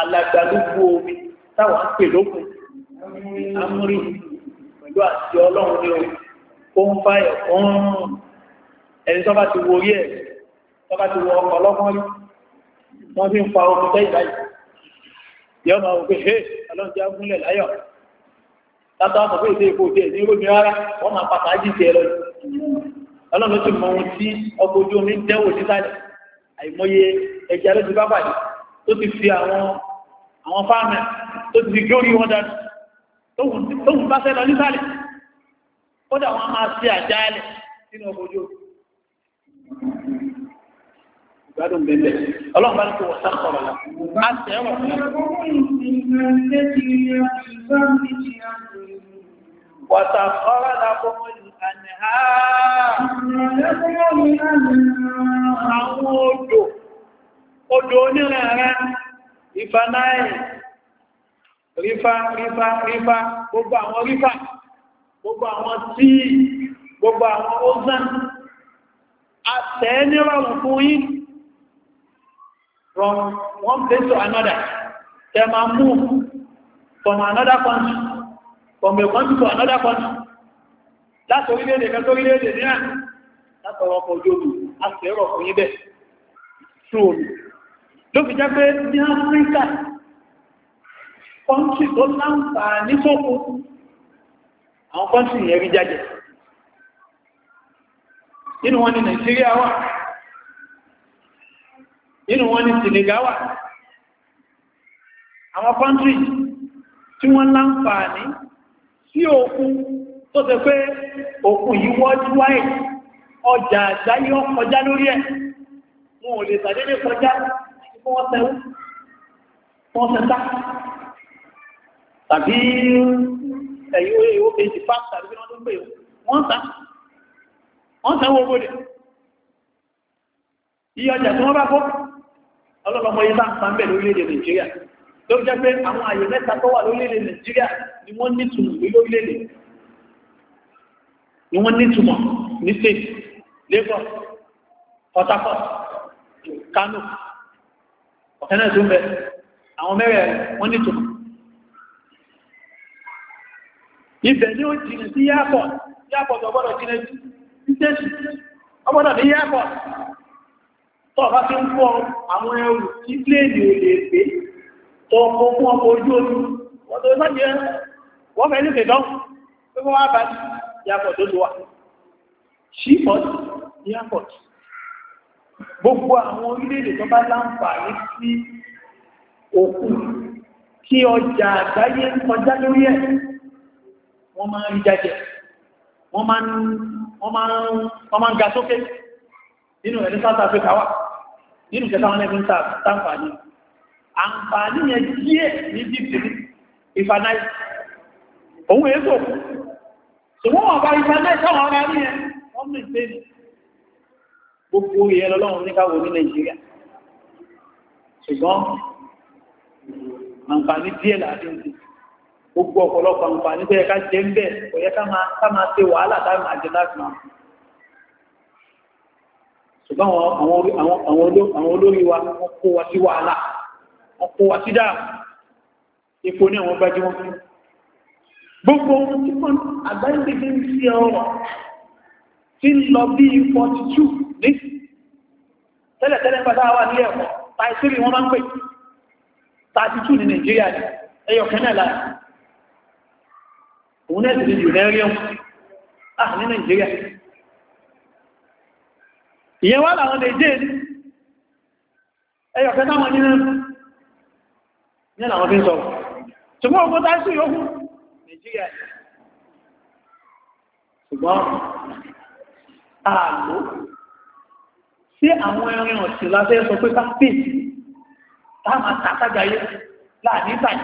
Speaker 1: alàgbàlúgbò omi táwọn ń pè lókun amúrí pẹ̀lú àti ọlọ́run ní orí ó ń fáyọ̀ fún ẹni tó bá ti wo orí ẹ̀ tó bá yọ máa wọ́n he? hé ọlọ́run jẹ́ agúnlẹ̀ láyọ̀ tátọ́ àpò pé ìdí èkó tiẹ̀ ní rómi rárá wọ́n máa pàtà ájì tiẹ̀ lọ ọlọ́run ti mọ ohun tí ọkọ̀ ojú omi ń dẹ́wò sísàlẹ̀ àìmọye ẹja ló ti bá pàdé tó ti fi àwọn àwọn fáàmì tó ti fi gbórí wọn dànù tóun bá fẹ́ lọ nísàlẹ̀ kódà wọn máa ṣe àjálẹ̀ sínú ọkọ̀ ojú omi gbádùn bẹ́ẹ̀ ọlọ́run bá ní kó wọ́sá kọ̀rọ̀ la a tẹ̀ wọ̀ wọ́sá kọ́rọ̀ la kó mọ́ ìlànà ha àwọn odò odò onírẹ̀rẹ̀ ìfanáì rífà rífà rífà gbogbo àwọn rífà gbogbo àwọn tíì gbogbo àwọn ozan a nírọ̀rùn fún yín from one place to another. They move from another country, from a country to another country. Láti orílẹ̀-èdè kan sórílẹ̀-èdè ní àná, ọkọ̀ ojú omi, a sì fi jẹ́ pé ní Áfíríkà, kọ́ntì tó láǹfààní sókú, àwọn kọ́ntì wọn ni Nigeria wà, nínú wọn ni Senegal wà àwọn kọ́ntrí tí wọ́n láǹfààní sí òkun tó tẹ pé òkun yìí wọ́jú wáyé ọjà àgbáyé ọkọjá lórí ẹ̀ wọn ò lè tàdédé kọjá kí wọ́n tẹ̀wọ́ wọ́n tàbí ẹ̀yọ́ èyí èjì pàtàkì tàbí wọ́n tó gbé e, wọ́n ta wọ́n tẹ̀wọ́ gbọ́dẹ̀ iye ọjà tí wọ́n bá fọ́ ọlọ́lọ́mọ yìí bá ń pa ń bẹ̀ lórílẹ̀-èdè nàìjíríà ló jẹ́ pé àwọn àyè mẹ́ta tó wà lórílẹ̀-èdè nàìjíríà ni wọ́n nítumọ̀ lórílẹ̀-èdè ni wọ́n nítumọ̀ ní state Lagos Port Harcourt Kano ọ̀kẹ́ náà tó ń bẹ àwọn mẹ́rẹ̀ wọ́n nítumọ̀ ibẹ̀ ni ó jìnà sí yàpọ̀ yàpọ̀ tó gbọ́dọ̀ jìnà sí state ọgbọ́dọ̀ ní yàpọ̀ tọ́ọ̀bá tí ń pọ̀ àwọn ẹrù tí pléèdì ò pé tọ́ọ̀kọ́ fún ọkọ̀ ojú omi wọ́n tó sọ́jì wọ́n fẹ́ kí ọjà àgbáyé ń kọjá lórí ẹ̀ wọ́n máa ń jajẹ wọ́n máa ń ga sókè nínú ẹ̀ South Africa wà nínú ìjẹta wọn lẹ́gbẹ́ sáàfàní àǹfààní yẹn díẹ̀ ní bíbí ìfanáì òun èé tó ṣùgbọ́n wọn bá ìfanáì sáwọn ara rí ẹ wọ́n mú ìgbé ni gbogbo ìyẹn lọ́lọ́run ní káwọ ní Nàìjíríà ṣùgbọ́n àǹfààní díẹ̀ láti ń gbogbo ọ̀pọ̀lọpọ̀ àǹfààní bẹ́ẹ̀ ká jẹ́ ń bẹ́ẹ̀ kò yẹ ká máa ṣe wàhálà táwọn àjẹ ṣùgbọ́n àwọn olórí wa wọ́n kó wa sí wàhálà wọ́n kó wa sí dáa epo ní àwọn bájú wọn gbogbo ohun tí wọ́n àgbáyé ti fi ń sí ọrọ̀ tí ń lọ bí 42 ní tẹ́lẹ̀tẹ́lẹ̀ pàtàkì wà ní ẹ̀kọ́ 33 wọ́n máa ń pè 32 ní Nàìjíríà ní ẹyọ kẹ́nẹ̀lá òun náà ti di jù lẹ́rí ọmọ ah ní Nàìjíríà ìyẹn wá làwọn lè jẹ́ ẹyọ̀ nínú ní àwọn fi ń sọ ṣùgbọ́n ọgbọ́n tá sí yóò Nàìjíríà ṣùgbọ́n ààlò sí àwọn ẹrin ọ̀sìn lábẹ́ sọ pé táàmà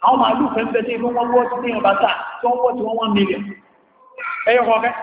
Speaker 1: àwọn màálù fẹ́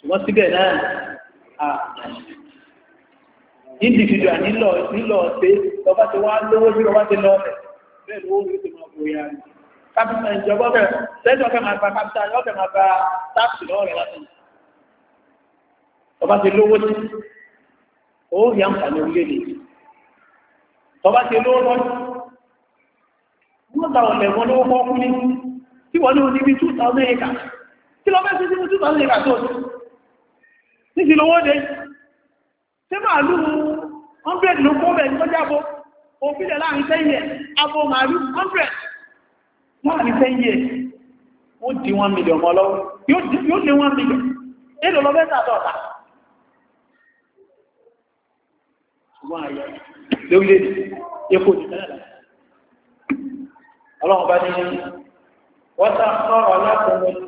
Speaker 1: ṣùgbọ́n síbẹ̀ náà à individual nílò nílò ṣe ọba ti wá lówó sí ọba ti lọ ọ̀rẹ́ bẹ́ẹ̀ lówó sí ti máa bòyá rẹ̀ kápítà ìjọba ọ̀fẹ́ sẹ́jọ́ ọ̀fẹ́ máa gba kápítà ọ̀fẹ́ máa gba táàkì lọ́rẹ̀ láti ọba ti lówó sí ó rí àǹfààní orílẹ̀-èdè ọba ti lówó lọ́sí wọ́n ta ọ̀lẹ̀ wọn lówó kọ́kú ní tí wọ́n ní oníbi 2000 acres kí lọ bẹ́ẹ̀ sí 2000 acres níbi lówó dé tí màálù hundred ló kó bẹ̀rẹ̀ tó jábó òfílẹ̀ láàrin sẹ́yìn ẹ̀ abo màálù hundred láàrin sẹ́yìn ó di one million mọ́ lọ́wọ́ yóò lé one million èlò lọ bẹ́ẹ̀ tàbí ọ̀tà
Speaker 2: epo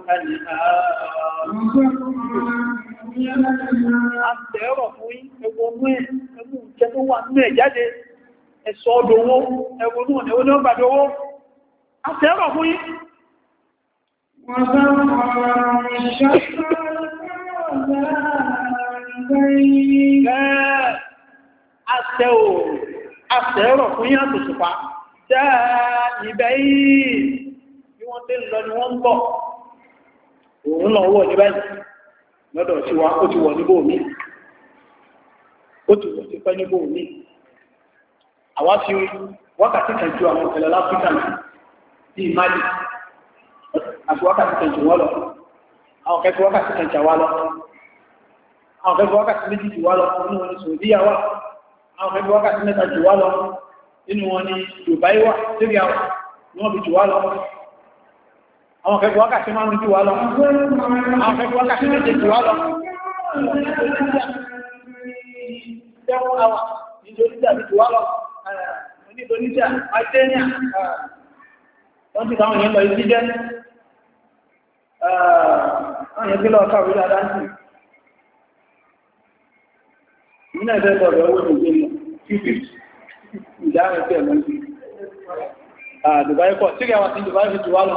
Speaker 2: ní àtẹ́rọ̀
Speaker 1: fún ẹgbọ̀n ẹgbùn jẹ́ tó wà nínú ẹ̀jáde ẹ̀sọ́ ọdọ̀ owó ẹgbùn náà ni ó ní ọgbàdọ̀ owó àtẹ́rọ̀ fún yí wọ́n tẹ́ lọ́dọ̀ tí wá ó ti wọ̀ níbò mí ó ti wọ̀ ti pẹ́ níbò mí àwa fi wákàtí kan ju àwọn òkèlè láfíríkà bíi mali àti wákàtí kan jù wọ́n lọ àwọn kẹfẹ́ wákàtí kan jà wá lọ àwọn kẹfẹ́ wákàtí méjì jù wá lọ nínú wọn ni sòdíyà wà àwọn kẹfẹ́ wákàtí mẹ́ta jù wá lọ nínú wọn ni Dubai wà síríà wà ni wọ́n fi jù wá lọ àwọn akẹ́kọ̀ọ́ wákàtí máa ń jù wá lọ àwọn akẹ́kọ̀ọ́ wákàtí méje jù wá lọ Indonesia, Argentina, wọ́n ti táwọn èèyàn lọ ìsí jẹ́ àwọn èèyàn lọ kàwé dáadáa sí nínú ẹ̀fẹ́ sọ̀rọ̀ owó ìgbé ìdáhùn ẹ̀fẹ́ ẹ̀mọ́ sí Dubai pọ̀ sígẹ̀ wà sí Dubai fi jù wá lọ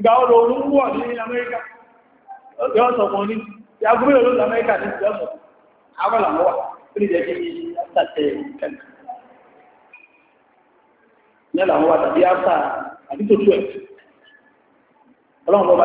Speaker 1: ìgbà ọrụ òun wọ̀ ní Amẹ́ríkà yọ́ sọ fún ní yàgùnmí òun Amẹ́ríkà ní ìjọ sọ àwọn àwọn wà jẹ́ àtàtẹ̀ kẹ́lẹ̀ ní tàbí àtà àti ẹ̀ ọlọ́run bọ́ba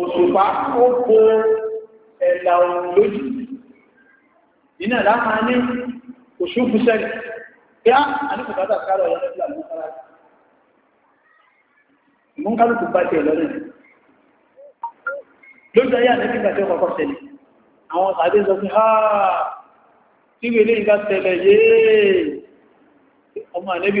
Speaker 1: òṣùpá ó kó ẹ̀là òun lójú iná láàmà ní òṣùpù sẹ́lẹ̀ bí á àníkùbátà kárọ̀ ọ̀yọ́ nígbà mú kára mú kálùkù bá tẹ̀ lọ́nà lójú ayé àníkù gbàtí ó kọ́kọ́ sẹ́lẹ̀ àwọn sàdé sọ fún háà tí wèlé ìgbà tẹ̀lẹ̀ yéè ọmọ ànẹ́bì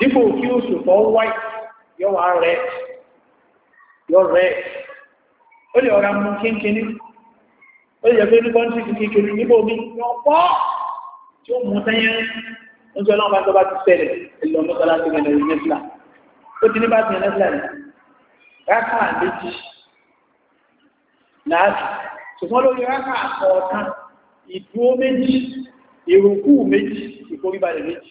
Speaker 1: dípò kí oṣù tó white, yọ wá rẹ̀ yọ rẹ̀ ó lè ọ̀rá mú kínkíní ó lè yẹ̀fẹ́ ní kọ́ntì kíkiri níbo mi yọ pọ́ tí ó mú tẹ́yẹn ń sọ náà bá tó bá ti ṣẹlẹ̀ ìlọ mọ́sálá ti rẹ̀ ní nẹ́fìlà ó ti ní bá ti rẹ̀ nẹ́fìlà rẹ̀ rákà méjì láàbì ṣùgbọ́n lórí rákà ọ̀ọ̀kan ìdúró méjì ìrùkú méjì ìforíbalẹ̀ méjì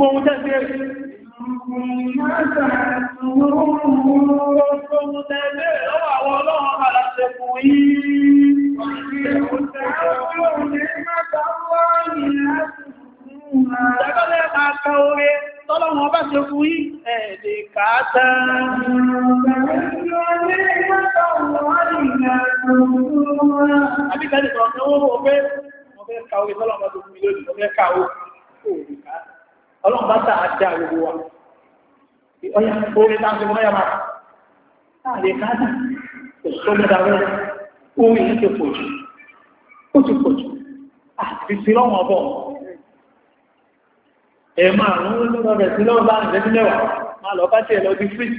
Speaker 1: gbogbo ohun tẹ́sẹ̀ Tẹ́kọ́lẹ́ máa ka orí tọ́lọ́wọ́n fún yí ẹ̀ẹ̀dẹ̀ kàátà. Àbíkẹ́ ọlọ́run bá tà á dá gbogbo wa ọyà orí tá a ti wọ́n yà máa tà lè ká dà kò dáwọ́ orí ti pọ̀ jù ó ti
Speaker 2: pọ̀ jù àti sí lọ́wọ́ bọ̀ ẹ máa ń lọ́dọ̀ rẹ̀ sí lọ́wọ́ bá ń jẹ́ mẹ́wàá
Speaker 1: máa lọ bá tiẹ̀ lọ di free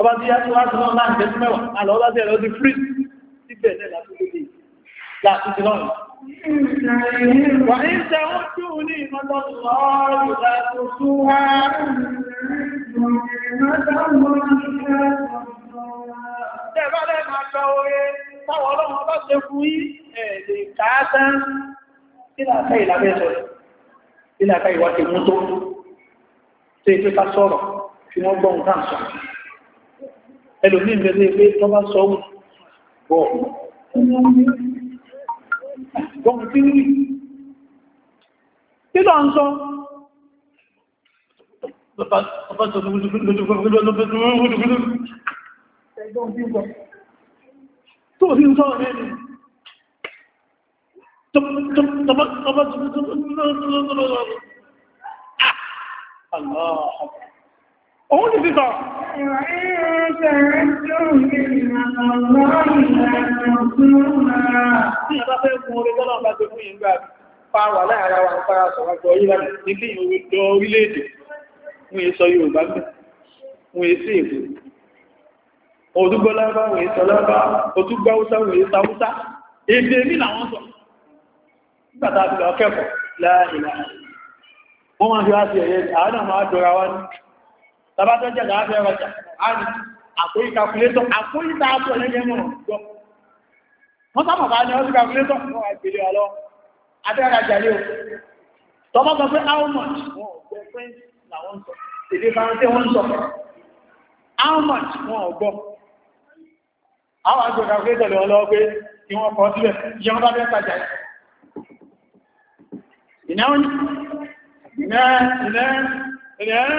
Speaker 1: ọba tí yá tí wá sí lọ́wọ́ bá ń jẹ́ mẹ́wàá máa lọ bá tiẹ̀ lọ di free síbẹ̀ náà láti lóde lọ́wọ́ وإن تعدوني نعمة الله لا تحصوها Ẹ̀bá lẹ́ máa gbọ́ orí táwọn ọlọ́run bá ṣe fún yí ẹ̀lẹ̀ káátá
Speaker 2: ìlàkà ìlàbẹ́ sọ̀rọ̀.
Speaker 1: Ìlàkà ìwà ti mú tó tó ètò ká sọ̀rọ̀ fi wọ́n gbọ́n tàn sọ. Ẹlòmí mẹ́rin pé tọ́ bá sọ́wọ́ gbọ́n kí lọ ń sọ tó sí ń sọ ẹni Allah òun sì sísọ Fáwà láàárá a fara sọ̀rọ̀gbọ̀ ìlànà ní kí ìwé jọ orílẹ̀-èdè wọ́n èé sọ Yorùbá gbẹ̀, wọ́n èé sí wọ́n tàbá tó jẹ́ láàbẹ̀ ọjà àrí àkóyí kàkùlétọ̀ àkóyí tàà tó lẹ́yẹ gbọ́ wọ́n sábà bá ní ọdún kàkùlétọ̀ how much how much àwọn àgbẹ̀ kàkùlétọ̀ lè lọ pé kí wọ́n kọ́ sílẹ̀ ìyẹn bá fẹ́ tajà ìnáwó ìnáwó ìnáwó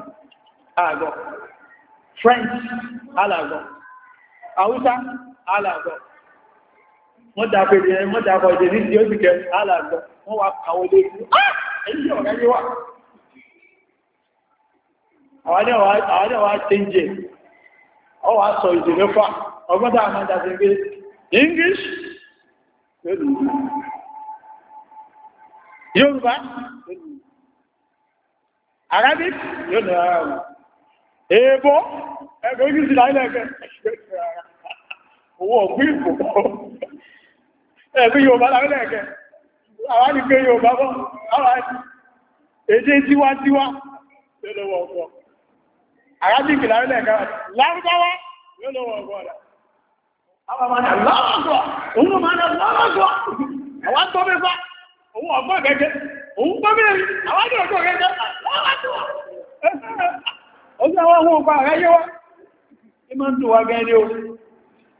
Speaker 1: àgọ̀ French alàgọ̀ Haúsá alàgọ̀ wọ́n dàpẹ̀ ìdíyẹn wọ́n dàpọ̀ ìdíyẹn ní ti ó sì kẹ alàgọ̀ wọ́n wá kàwọ́ lé ẹ̀yí ọ̀rẹ́ yíwà àwọn ẹ̀wà tẹ́jẹ̀ ọ wà sọ ìdè mẹ́fà ọgbọ́n tàà máa dàpẹ̀ pé English Yorùbá Arabic yóò nà ara rẹ̀ Èèbọ́, ẹgbẹ̀ ojú sí Owó ọ̀gbí ìfòkọ́. Ẹgbẹ̀ Yorùbá láìlẹ̀ ẹgbẹ̀. Àwọn àdìgbé Yorùbá bọ́, àwọn àti èdè tiwa tiwa lọ́wọ́ ọ̀pọ̀. ojú àwọn ohun ọgbà àráyé wá ní mọ́ ń dùn wá gẹ́rẹ́ o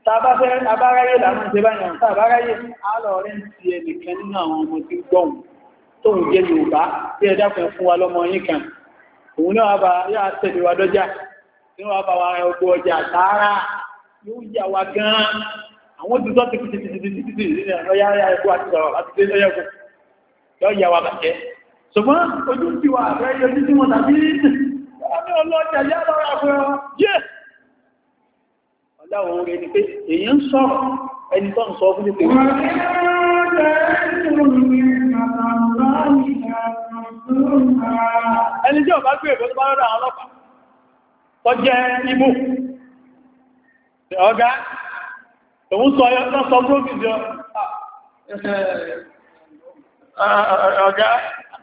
Speaker 1: tàbáfẹ́ abáráyé làmọ́ ìṣẹ́ báyìí àwọn tàbáráyé alọ́ọ̀rẹ́ ti ẹnìkan nínú àwọn ọmọ tí gbọ́n tó ń jẹ́ Yorùbá tí ẹ dákun fún wa lọ́mọ yín kan òun náà bá yá tẹ̀lé wa dọ́jà tí wọ́n bá wa ra ọgbọ ọjà tààrà yóò yà wá gan-an àwọn òdùtọ́ ti fi tìtìtìtìtì ọ̀yá ẹ̀kọ́ àti sọ̀rọ̀ àti tẹ́lẹ̀ ẹ̀kọ́ yóò yà wá bàjẹ́ ṣùgbọ́n ojú ti wà àbẹ́yẹ ní ọlọ́jà yá lọ́ra yẹ́ ọláwọ̀ orí ni pé èyí ń sọ̀rọ̀ ẹni tó ń sọ fún ní pé ẹni tí ọba gbé ìbọn tó bá rọ́rọ̀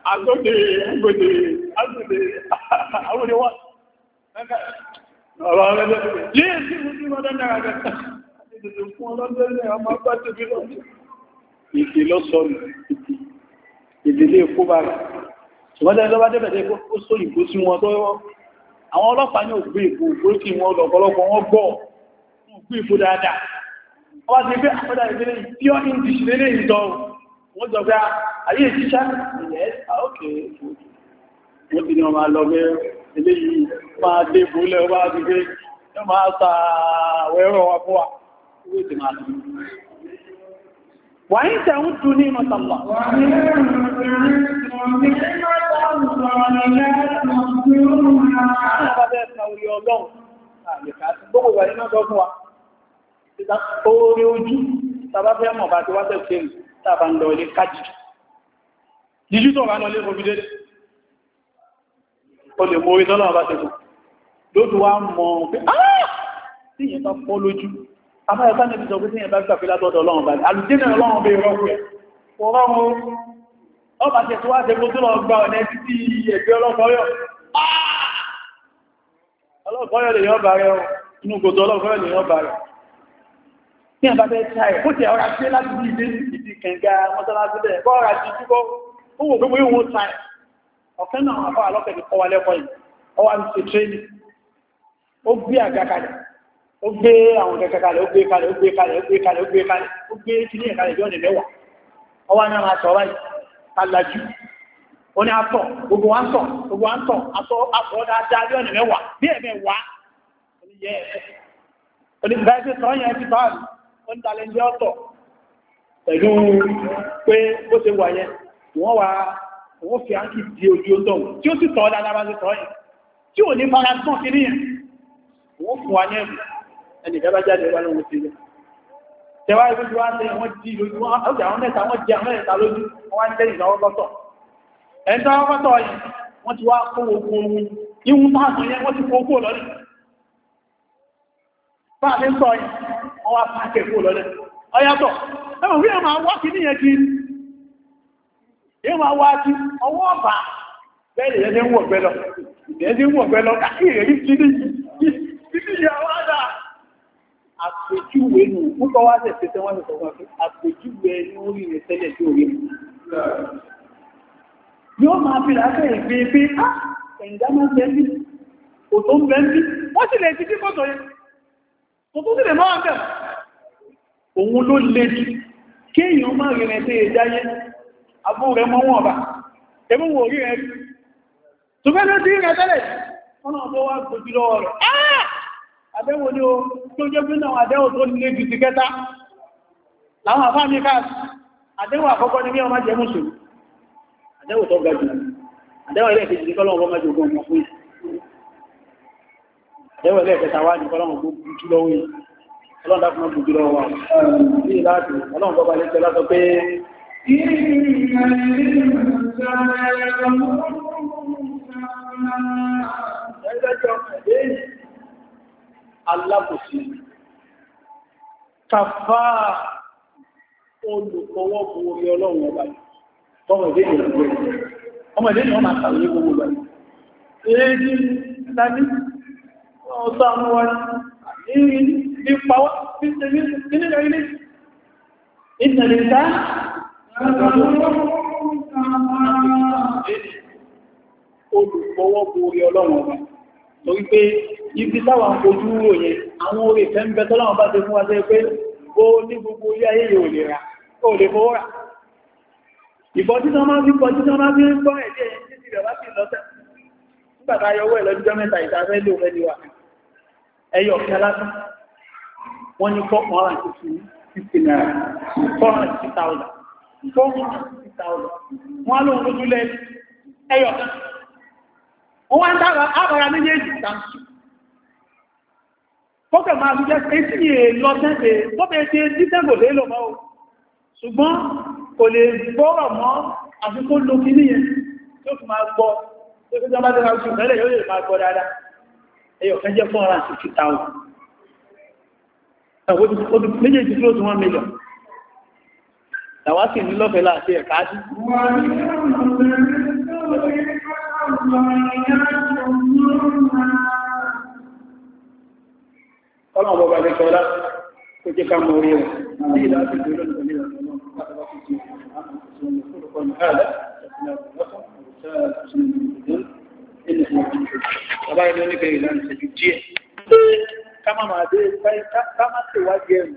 Speaker 1: agode agode agode agode wa ọ̀rọ̀ ọ̀rọ̀ lẹ́gbẹ̀ẹ́ yíè sí mú sí mọ́dá náà rẹ̀ ìdìdì fún ọlọ́dẹ́lẹ̀ ọmọ bá ti bí lọ ìdì lọ sọ ìdì ìdìlé epo bá rẹ̀ ṣùgbọ́n ẹgbẹ́ bá dẹ́bẹ̀ẹ́ ó só ìgbó sí wọn tó àwọn ọlọ́pàá ní ògbé ìbò ògbó sí wọn lọ̀pọ̀lọpọ̀ wọn gbọ́ ògbé ìbò dáadáa wọ́n ti gbé àpẹ́dà ìdílé ayé ìṣíṣá ilẹ̀ ẹ̀ta òkè wọ́n ti ní ọmọ alọ́gbẹ́ eléyìí máa dé búlẹ̀ ọba ti gbé ní máa sàwẹ́rọ wa fún wa owó ti máa lọ́wọ́ wàyí tẹ̀hún tún ní mọ́tàlá Orí ojú, tàbá fẹ́ mọ̀ bá ti wá tẹ̀ ṣe tàbá ń lọ ilé kájìjì jíjú tó wà lọ lé omi dédé o lè mọ orí tọ́lọ̀ ọba tẹ́kù lóòtù wá mọ̀ pé ah! tí yẹn bá pọ́ lójú afẹ́ẹ̀ká nẹ́bí sọ pé tí yẹn bá gbà fílá tọ́dọ̀ ọlọ́run bá alùjẹ́nà ọlọ́run bẹ rọ́rùn
Speaker 2: rẹ̀ ọlọ́run
Speaker 1: ọba tẹ̀tù wá tẹ́kù tó lọ gba ọ̀nà títí ẹgbẹ́ ọlọ́kọ̀ọ́yọ̀ ah! ọlọ́kọ̀ọ́yọ̀ lè yọ́ bàárẹ̀ inú gòtò ọlọ́kọ̀ọ́yọ̀ lè yọ́ bàárẹ̀ tí yẹn bá fẹ́ ṣáyẹ̀ kó tẹ̀ ọ̀rà sí láti bí ilé ìdí kẹ̀ǹgà mọ́tọ́lá ó wò gbogbo ìwọ̀n time ọ̀kẹ́ náà àbá àlọ́kẹ̀ ti kọwa lẹ́kọ́ yìí ó wá ti tréní ó gbé àga ó gbé àwọn kẹkẹ ó gbé kalẹ̀ ó gbé kalẹ̀ ó gbé kalẹ̀ ó gbé kalẹ̀ ó gbé mẹ́wàá sọ alájú ó ní atọ̀ gbogbo tọ̀ gbogbo wọ́n wá wọ́n fi áńkì di ojú ọdún tí ó sì tọ́ dáadáa bá tọ́ yìí tí ò ní fara tán sí níyàn wọ́n fún wa ní ẹ̀bù ẹni ìjábá jáde wá lóhun sí ilé tẹwà ibi tí wọ́n tẹ́yìn wọ́n di lójú wọ́n di àwọn mẹ́ta lójú wọ́n wá yìí wọ́n ti wá kó ogun ohun ihun bá sọ yẹn wọ́n ti kó kó lọ́lẹ̀ ìwọ̀n wá sí ọwọ́ ọ̀bà bẹ́ẹ̀ lè ń wọ̀ gbẹ́ lọ ń wọ̀ gbẹ́ káàkiri rí kiri títí ìyàwó àdá àpèjúwe nù púpọ̀ wá sẹ̀ tẹ́tẹ́ wọ́n sọ fún àpèjúwe ní abú rẹ̀ mọ́ wọn ọ̀bà ẹmú wò rí rẹ̀ tó fẹ́ ló dí rẹ̀ tẹ́lẹ̀ ọ̀nà tó wá gbòjú lọ́wọ́ rẹ̀ àbẹ́wò ni o tó jẹ́ bí náà àdẹ́wò tó nílé jù ti kẹta láwọn àfá mi ká àdẹ́wò àkọ́kọ́ ni mí ọmọ jẹ́ mùsùn àdẹ́wò tó ga jù àdẹ́wò ilẹ̀ kejì kọ́lọ́wọ́ ọmọ jù ogun ọmọ fún àdẹ́wò ilẹ̀ kẹta wá ní kọ́lọ́wọ́ gbòjú lọ́wọ́ yìí ọlọ́run dákùnmọ́ gbòjú lọ́wọ́ wa Alábòsí kàfà olùkọwọ́ bu orí ọlọ́run ọba tọ́wọ̀dé ìrìnàwó ọmọdé ni wọ́n máa tàbí gbogbo ọba èéjì láti ọ̀sán wọn ní pàwọ́ sí ilé ilé ìdìnlẹ̀ Olùfọwọ́ bo orí ọlọ́run ọba. Torí pé ibi táwọn ojú rò yẹn, àwọn orí ìfẹ́ ń bẹ tọ́lọ́run bá ti fún wa tẹ́ pé ó ní gbogbo orí ayé yóò lè rà, ó lè fọwọ́ rà. Ìbọn títọ́ máa fi kọjú tọ́ máa fi ń gbọ́ ẹ̀dẹ́ títí rẹ̀ wá sí lọ́sẹ̀. Nígbà tá yọ owó ẹ̀ lọ́jọ́ mẹ́ta ìdáfẹ́ lè fẹ́ ni wà. Ẹyọ ọ̀fẹ́ alásán. Wọ́n ní 450 naira, 450,000 tó ń ta ọ̀rọ̀ wọ́n lóun lójú lẹ́ ẹyọ̀ kan wọ́n wá ń dára àbára méjèèjì tàǹtù kókè máa fi jẹ́ etí yìí lọ tẹ́tẹ̀ tó bẹ̀ ṣe dítẹ́gbò lé lọ mọ́ o ṣùgbọ́n kò lè gbọ́rọ̀ mọ́ àfi kó lo kí níyẹn tó fi máa gbọ́ tó fi jọba tẹ́ra oṣù mẹ́lẹ̀ yóò lè máa gbọ́ dáadáa ẹyọ̀ kan làwa sì ní lọ́fẹ̀ẹ́ láti ẹ̀ka sí. ọlọ́run bọ́ bá lẹ́kọ̀ọ́ lá kó jẹ́ ká mọ orí rẹ̀ ní ìlàsì tó lọ́nà ní ìlàsì Bàbá ẹni oníkẹ̀ẹ́ ìlànà ìṣẹ́jú díẹ̀. Ká má máa dé ká má ṣèwádìí ẹ̀rù.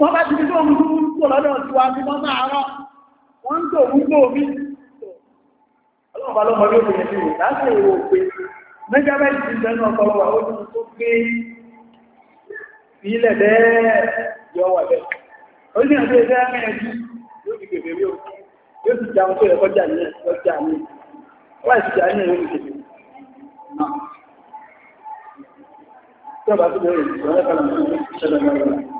Speaker 1: wọ́n bá ti fi ohun tó ń kó lọ́dọ̀ tí wá sí wọ́n máa rán wọ́n ń tó ohun tó omi ọlọ́ọ̀bá lọ́mọ ló fòye sí láti èrò pé mẹ́gábẹ́ẹ̀tì ti sẹ́nu ọpọlọ ó ti tó gbé ilẹ̀ bẹ́ẹ̀ yọ wà bẹ́ẹ̀ ó ní ọjọ́ ìfẹ́ mẹ́rin jù yóò fi kèfèrí o yóò sì jẹun tó ẹ̀kọ́ jà ní ọjà ní wọ́n
Speaker 2: jà ní ìwé ìkèfèrí náà